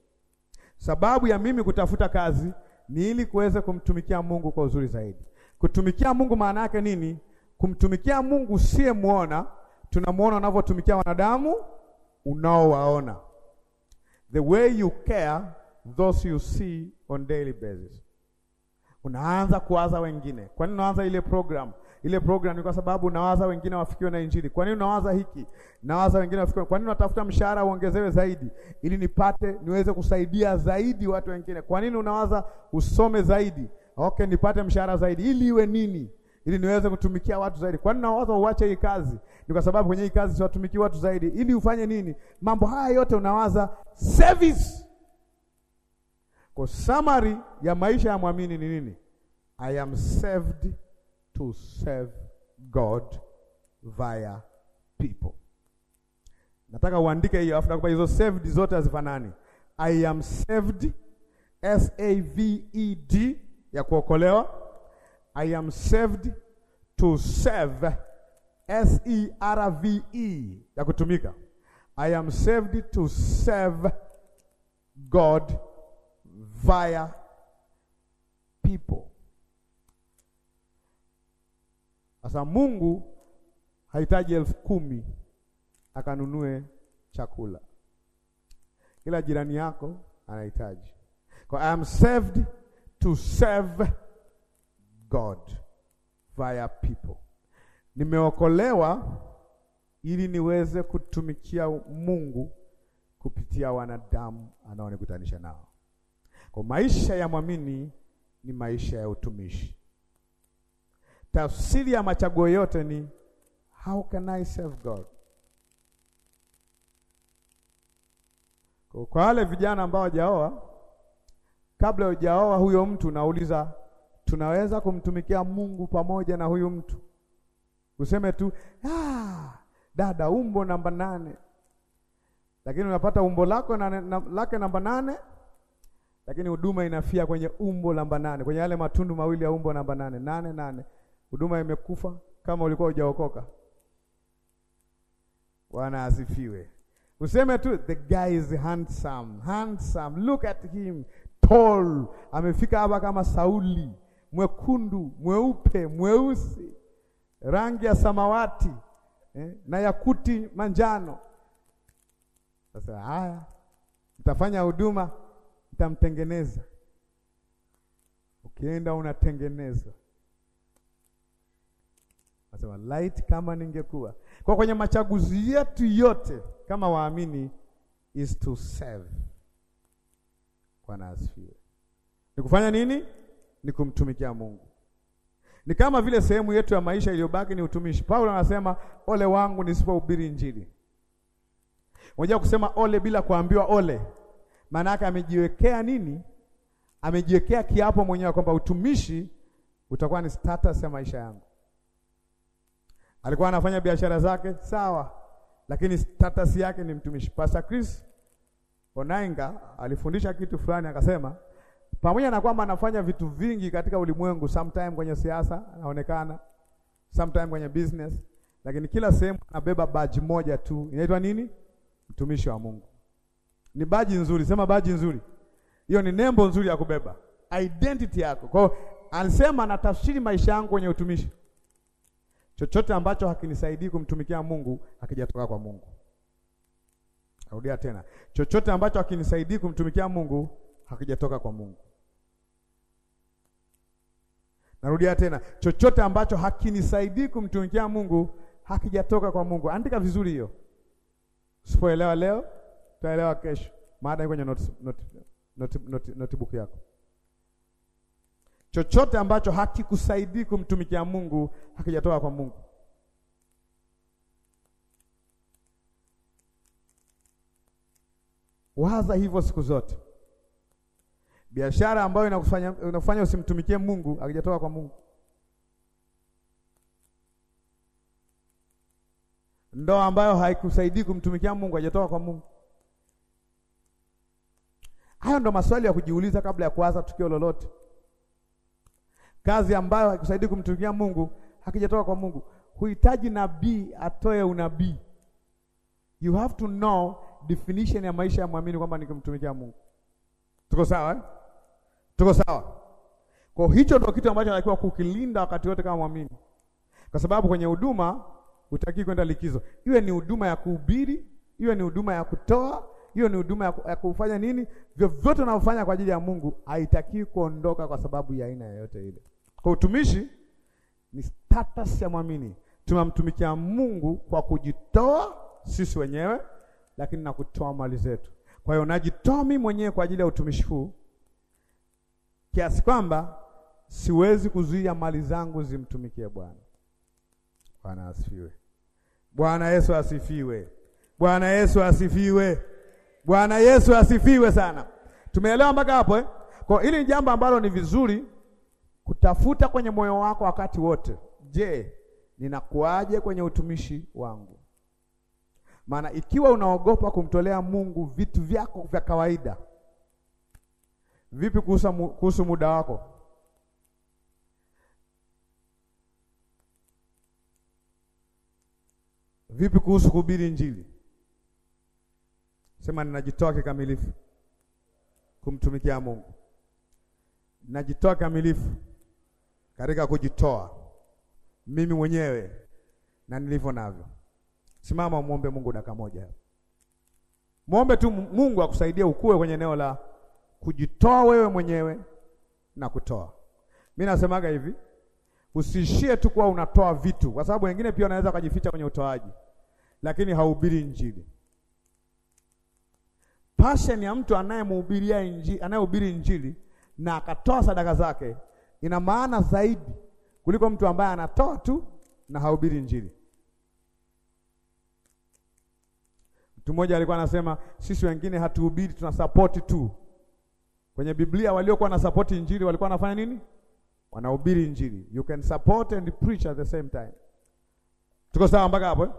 Sababu ya mimi kutafuta kazi ni ili kuweze kumtumikia Mungu kwa uzuri zaidi. Kutumikia Mungu maana yake nini? Kumtumikia Mungu usiyemwona, tunamwona unavyotumikia wanadamu unaowaona. The way you care those you see on daily basis. Unaanza kuwaza wengine. Kwa nini unaanza ile program? Ile program ni kwa sababu unawaza wengine wafikiwe na Injili. Kwa nini unawaza hiki? Nawaza wengine wafikiwe. Kwa nini unatafuta mshahara uongezewe zaidi ili nipate niweze kusaidia zaidi watu wengine? Kwa nini unawaza usome zaidi? Okay, nipate mshahara zaidi ili iwe nini? ili niweze kutumikia watu zaidi. Kwa nini nawaza uache hii kazi? Ni kwa sababu kwenye hii kazi siwatumiki watu zaidi. Ili ufanye nini? Mambo haya yote unawaza service. Kwa summary ya maisha ya mwamini ni nini? I am saved to serve God via people. Nataka uandike hiyo afu nakupa hizo saved zote hazifanani. I am saved S A V E D ya kuokolewa I am saved to serve, S E R V E ya kutumika. I am saved to serve God via people. Sasa Mungu hahitaji elfu kumi akanunue chakula, ila jirani yako anahitaji. Kwa I am saved to serve God via people. Nimeokolewa ili niweze kutumikia Mungu kupitia wanadamu anaonikutanisha nao. Kwa maisha ya mwamini ni maisha ya utumishi. Tafsiri ya machaguo yote ni how can I serve God? Kwa wale vijana ambao hawajaoa, kabla hujaoa huyo mtu nauliza tunaweza kumtumikia Mungu pamoja na huyu mtu. Useme tu ah, dada umbo namba nane, lakini unapata umbo lako na, na, lake namba nane, lakini huduma inafia kwenye umbo namba nane, kwenye yale matundu mawili ya umbo namba nane nane nane, huduma imekufa kama ulikuwa hujaokoka. Bwana asifiwe. Useme tu the guy is handsome, handsome. Look at him tall, amefika hapa kama Sauli mwekundu, mweupe, mweusi, rangi ya samawati eh, na yakuti manjano. Sasa haya, mtafanya huduma, mtamtengeneza. Ukienda unatengenezwa, nasema light, kama ningekuwa kwa kwenye machaguzi yetu yote kama waamini is to serve. Bwana asifiwe. Nikufanya nini? ni kumtumikia Mungu. Ni kama vile sehemu yetu ya maisha iliyobaki ni utumishi. Paulo anasema ole wangu nisipohubiri Injili. Unajua kusema ole bila kuambiwa ole, maana yake amejiwekea nini? Amejiwekea kiapo mwenyewe kwamba utumishi utakuwa ni status ya maisha yangu. Alikuwa anafanya biashara zake sawa, lakini status yake ni mtumishi. Pastor Chris Onainga alifundisha kitu fulani akasema pamoja na kwamba anafanya vitu vingi katika ulimwengu, sometime kwenye siasa anaonekana, sometime kwenye business, lakini kila sehemu anabeba baji moja tu. Inaitwa nini? Mtumishi wa Mungu. Ni baji nzuri, sema baji nzuri. Hiyo ni nembo nzuri ya kubeba identity yako. Kwa hiyo anasema natafsiri maisha yangu kwenye utumishi. Chochote ambacho hakinisaidii kumtumikia Mungu hakijatoka kwa Mungu. Narudia tena, chochote ambacho hakinisaidii kumtumikia Mungu hakijatoka kwa Mungu. Narudia tena, chochote ambacho hakinisaidii kumtumikia Mungu hakijatoka kwa Mungu. Andika vizuri hiyo. Usipoelewa leo, utaelewa kesho. Maada iko kwenye note notebook yako. Chochote ambacho hakikusaidii kumtumikia Mungu hakijatoka kwa Mungu. Waza hivyo siku zote biashara ambayo inakufanya inakufanya usimtumikie Mungu akijatoka kwa Mungu, ndoa ambayo haikusaidii kumtumikia Mungu akijatoka kwa Mungu. Hayo ndo maswali ya kujiuliza kabla ya kuanza tukio lolote. Kazi ambayo haikusaidii kumtumikia Mungu akijatoka kwa Mungu. Huhitaji nabii atoe unabii. You have to know definition ya maisha ya mwamini kwamba nikimtumikia Mungu. Tuko sawa eh? Tuko sawa? Kwa hicho ndio kitu ambacho anatakiwa kukilinda wakati wote kama mwamini, kwa sababu kwenye huduma utaki kwenda likizo. Iwe ni huduma ya kuhubiri, iwe ni huduma ya kutoa, iwe ni huduma ya, ya kufanya nini, vyovyote unavyofanya kwa ajili ya Mungu haitaki kuondoka kwa sababu ya aina yoyote ile. Kwa utumishi ni status ya mwamini, tunamtumikia Mungu kwa kujitoa sisi wenyewe, lakini na kutoa mali zetu. Kwa hiyo najitoa mimi mwenyewe kwa ajili ya utumishi huu kiasi kwamba siwezi kuzuia mali zangu zimtumikie Bwana. Bwana asifiwe. Bwana Yesu asifiwe. Bwana Yesu asifiwe. Bwana Yesu asifiwe sana. Tumeelewa mpaka hapo eh? Kwa hili ni jambo ambalo ni vizuri kutafuta kwenye moyo wako wakati wote. Je, ninakuaje kwenye utumishi wangu? Maana ikiwa unaogopa kumtolea Mungu vitu vyako vya kawaida Vipi kuhusu muda wako? Vipi kuhusu kuhubiri Injili? Sema, ninajitoa kikamilifu kumtumikia Mungu, najitoa kikamilifu katika kujitoa mimi mwenyewe na nilivyo navyo. Simama, muombe Mungu dakika moja. Muombe tu Mungu akusaidie ukue kwenye eneo la kujitoa wewe mwenyewe na kutoa. Mimi nasemaga hivi, usiishie tu kuwa unatoa vitu, kwa sababu wengine pia wanaweza kujificha kwenye utoaji, lakini hahubiri Injili. Passion ya mtu anayemhubiria Injili, anayehubiri Injili na akatoa sadaka zake ina maana zaidi kuliko mtu ambaye anatoa tu na haubiri Injili. Mtu mmoja alikuwa anasema sisi wengine hatuhubiri, tuna support tu Kwenye Biblia waliokuwa na support injili walikuwa wanafanya nini? Wanahubiri injili. You can support and preach at the same time. Tuko sawa mpaka hapo eh?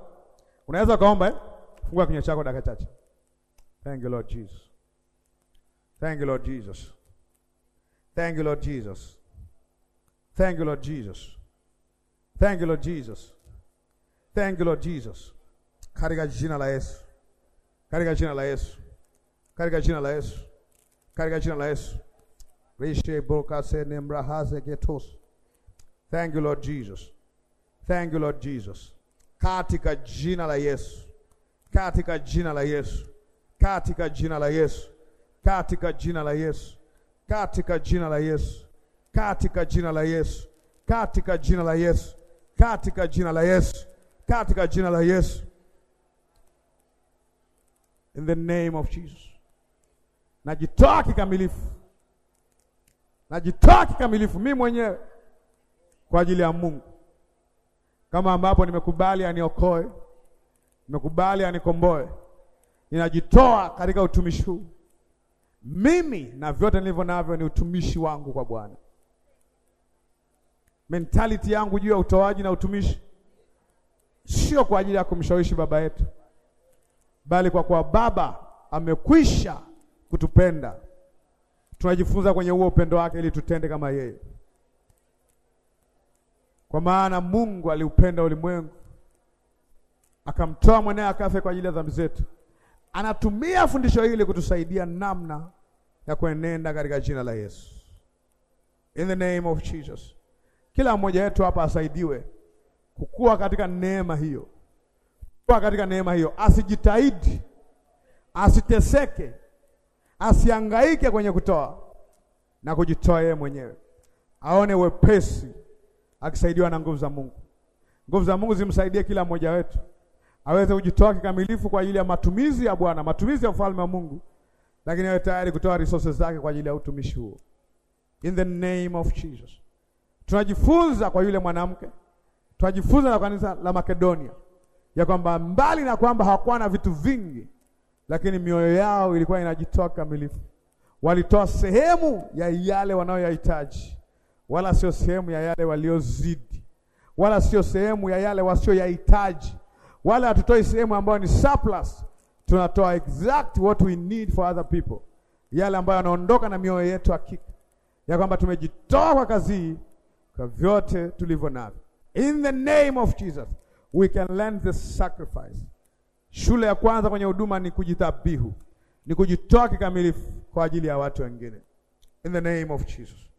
Unaweza kaomba eh? Fungua kinywa chako dakika chache. Thank you Lord Jesus. Thank you Lord Jesus. Thank you Lord Jesus. Thank you Lord Jesus. Thank you Lord Jesus. Thank you Lord Jesus. Katika jina la Yesu. Katika jina la Yesu. Katika jina la Yesu katika jina la Yesu. Rishe brokase nembrahase ketos. Thank you Lord Jesus. Thank you Lord Jesus. Katika jina la Yesu. Katika jina la Yesu. Katika jina la Yesu. Katika jina la Yesu. Katika jina la Yesu. Katika jina la Yesu. Katika jina la Yesu. Katika jina la Yesu. Katika jina la Yesu. In the name of Jesus najitoa kikamilifu, najitoa kikamilifu mimi mwenyewe kwa ajili ya Mungu, kama ambapo nimekubali aniokoe, nimekubali anikomboe, ninajitoa katika utumishi huu. Mimi na vyote nilivyo navyo ni utumishi wangu kwa Bwana. Mentality yangu juu ya utoaji na utumishi sio kwa ajili ya kumshawishi baba yetu, bali kwa kuwa baba amekwisha kutupenda. Tunajifunza kwenye huo upendo wake ili tutende kama yeye. Kwa maana Mungu aliupenda ulimwengu akamtoa mwanae akafe kwa ajili ya dhambi zetu. Anatumia fundisho hili kutusaidia namna ya kuenenda katika jina la Yesu. In the name of Jesus. Kila mmoja wetu hapa asaidiwe kukua katika neema hiyo, kukua katika neema hiyo, asijitahidi, asiteseke, asiangaike kwenye kutoa na kujitoa yeye mwenyewe, aone wepesi akisaidiwa na nguvu za Mungu. Nguvu za Mungu zimsaidie kila mmoja wetu aweze kujitoa kikamilifu kwa ajili ya matumizi ya Bwana, matumizi ya ufalme wa Mungu, lakini awe tayari kutoa resources zake kwa ajili ya utumishi huo. In the name of Jesus. Tunajifunza kwa yule mwanamke, tunajifunza na kanisa la Makedonia ya kwamba mbali na kwamba hawakuwa na vitu vingi lakini mioyo yao ilikuwa inajitoa kamilifu. Walitoa sehemu ya yale wanayoyahitaji, wala sio sehemu ya yale waliozidi, wala sio sehemu ya yale wasioyahitaji, wala hatutoi sehemu ambayo ni surplus. Tunatoa exact what we need for other people, yale ambayo yanaondoka na mioyo yetu hakika ya kwamba tumejitoa kwa kazi hii kwa vyote tulivyo navyo. In the name of Jesus we can lend the sacrifice Shule ya kwanza kwenye huduma ni kujitabihu, ni kujitoa kikamilifu kwa ajili ya watu wengine. In the name of Jesus,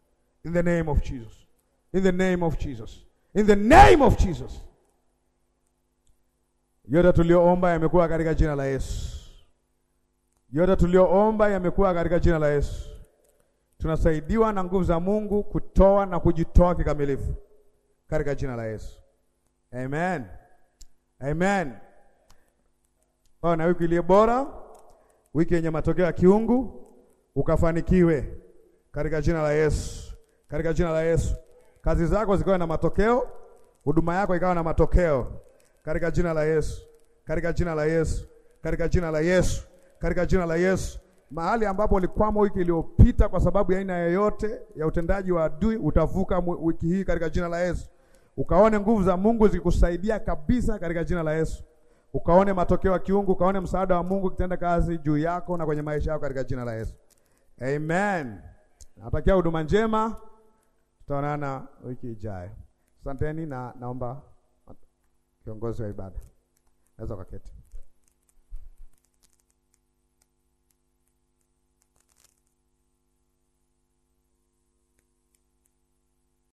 in the name of Jesus, in the name of Jesus, in the name of Jesus. Yote tulioomba yamekuwa katika jina la Yesu. Yote tulioomba yamekuwa katika jina la Yesu. Tunasaidiwa na nguvu za Mungu kutoa na kujitoa kikamilifu katika jina la Yesu. Amen. Amen. Ukawa na wiki iliyo bora, wiki yenye matokeo ya kiungu, ukafanikiwe katika jina la Yesu, katika jina la Yesu. Kazi zako zikawa na matokeo, huduma yako ikawa na matokeo katika jina la Yesu, katika jina la Yesu, katika jina la Yesu, katika jina la Yesu. Mahali ambapo ulikwama wiki iliyopita kwa sababu ya aina yoyote ya utendaji wa adui, utavuka wiki hii katika jina la Yesu, ukaone nguvu za Mungu zikusaidia kabisa katika jina la Yesu ukaone matokeo ya kiungu, ukaone msaada wa Mungu kitenda kazi juu yako na kwenye maisha yako katika jina la Yesu. Amen. Natakia huduma njema, tutaonana wiki ijayo. Asanteni na naomba kiongozi wa ibada naweza kaketi.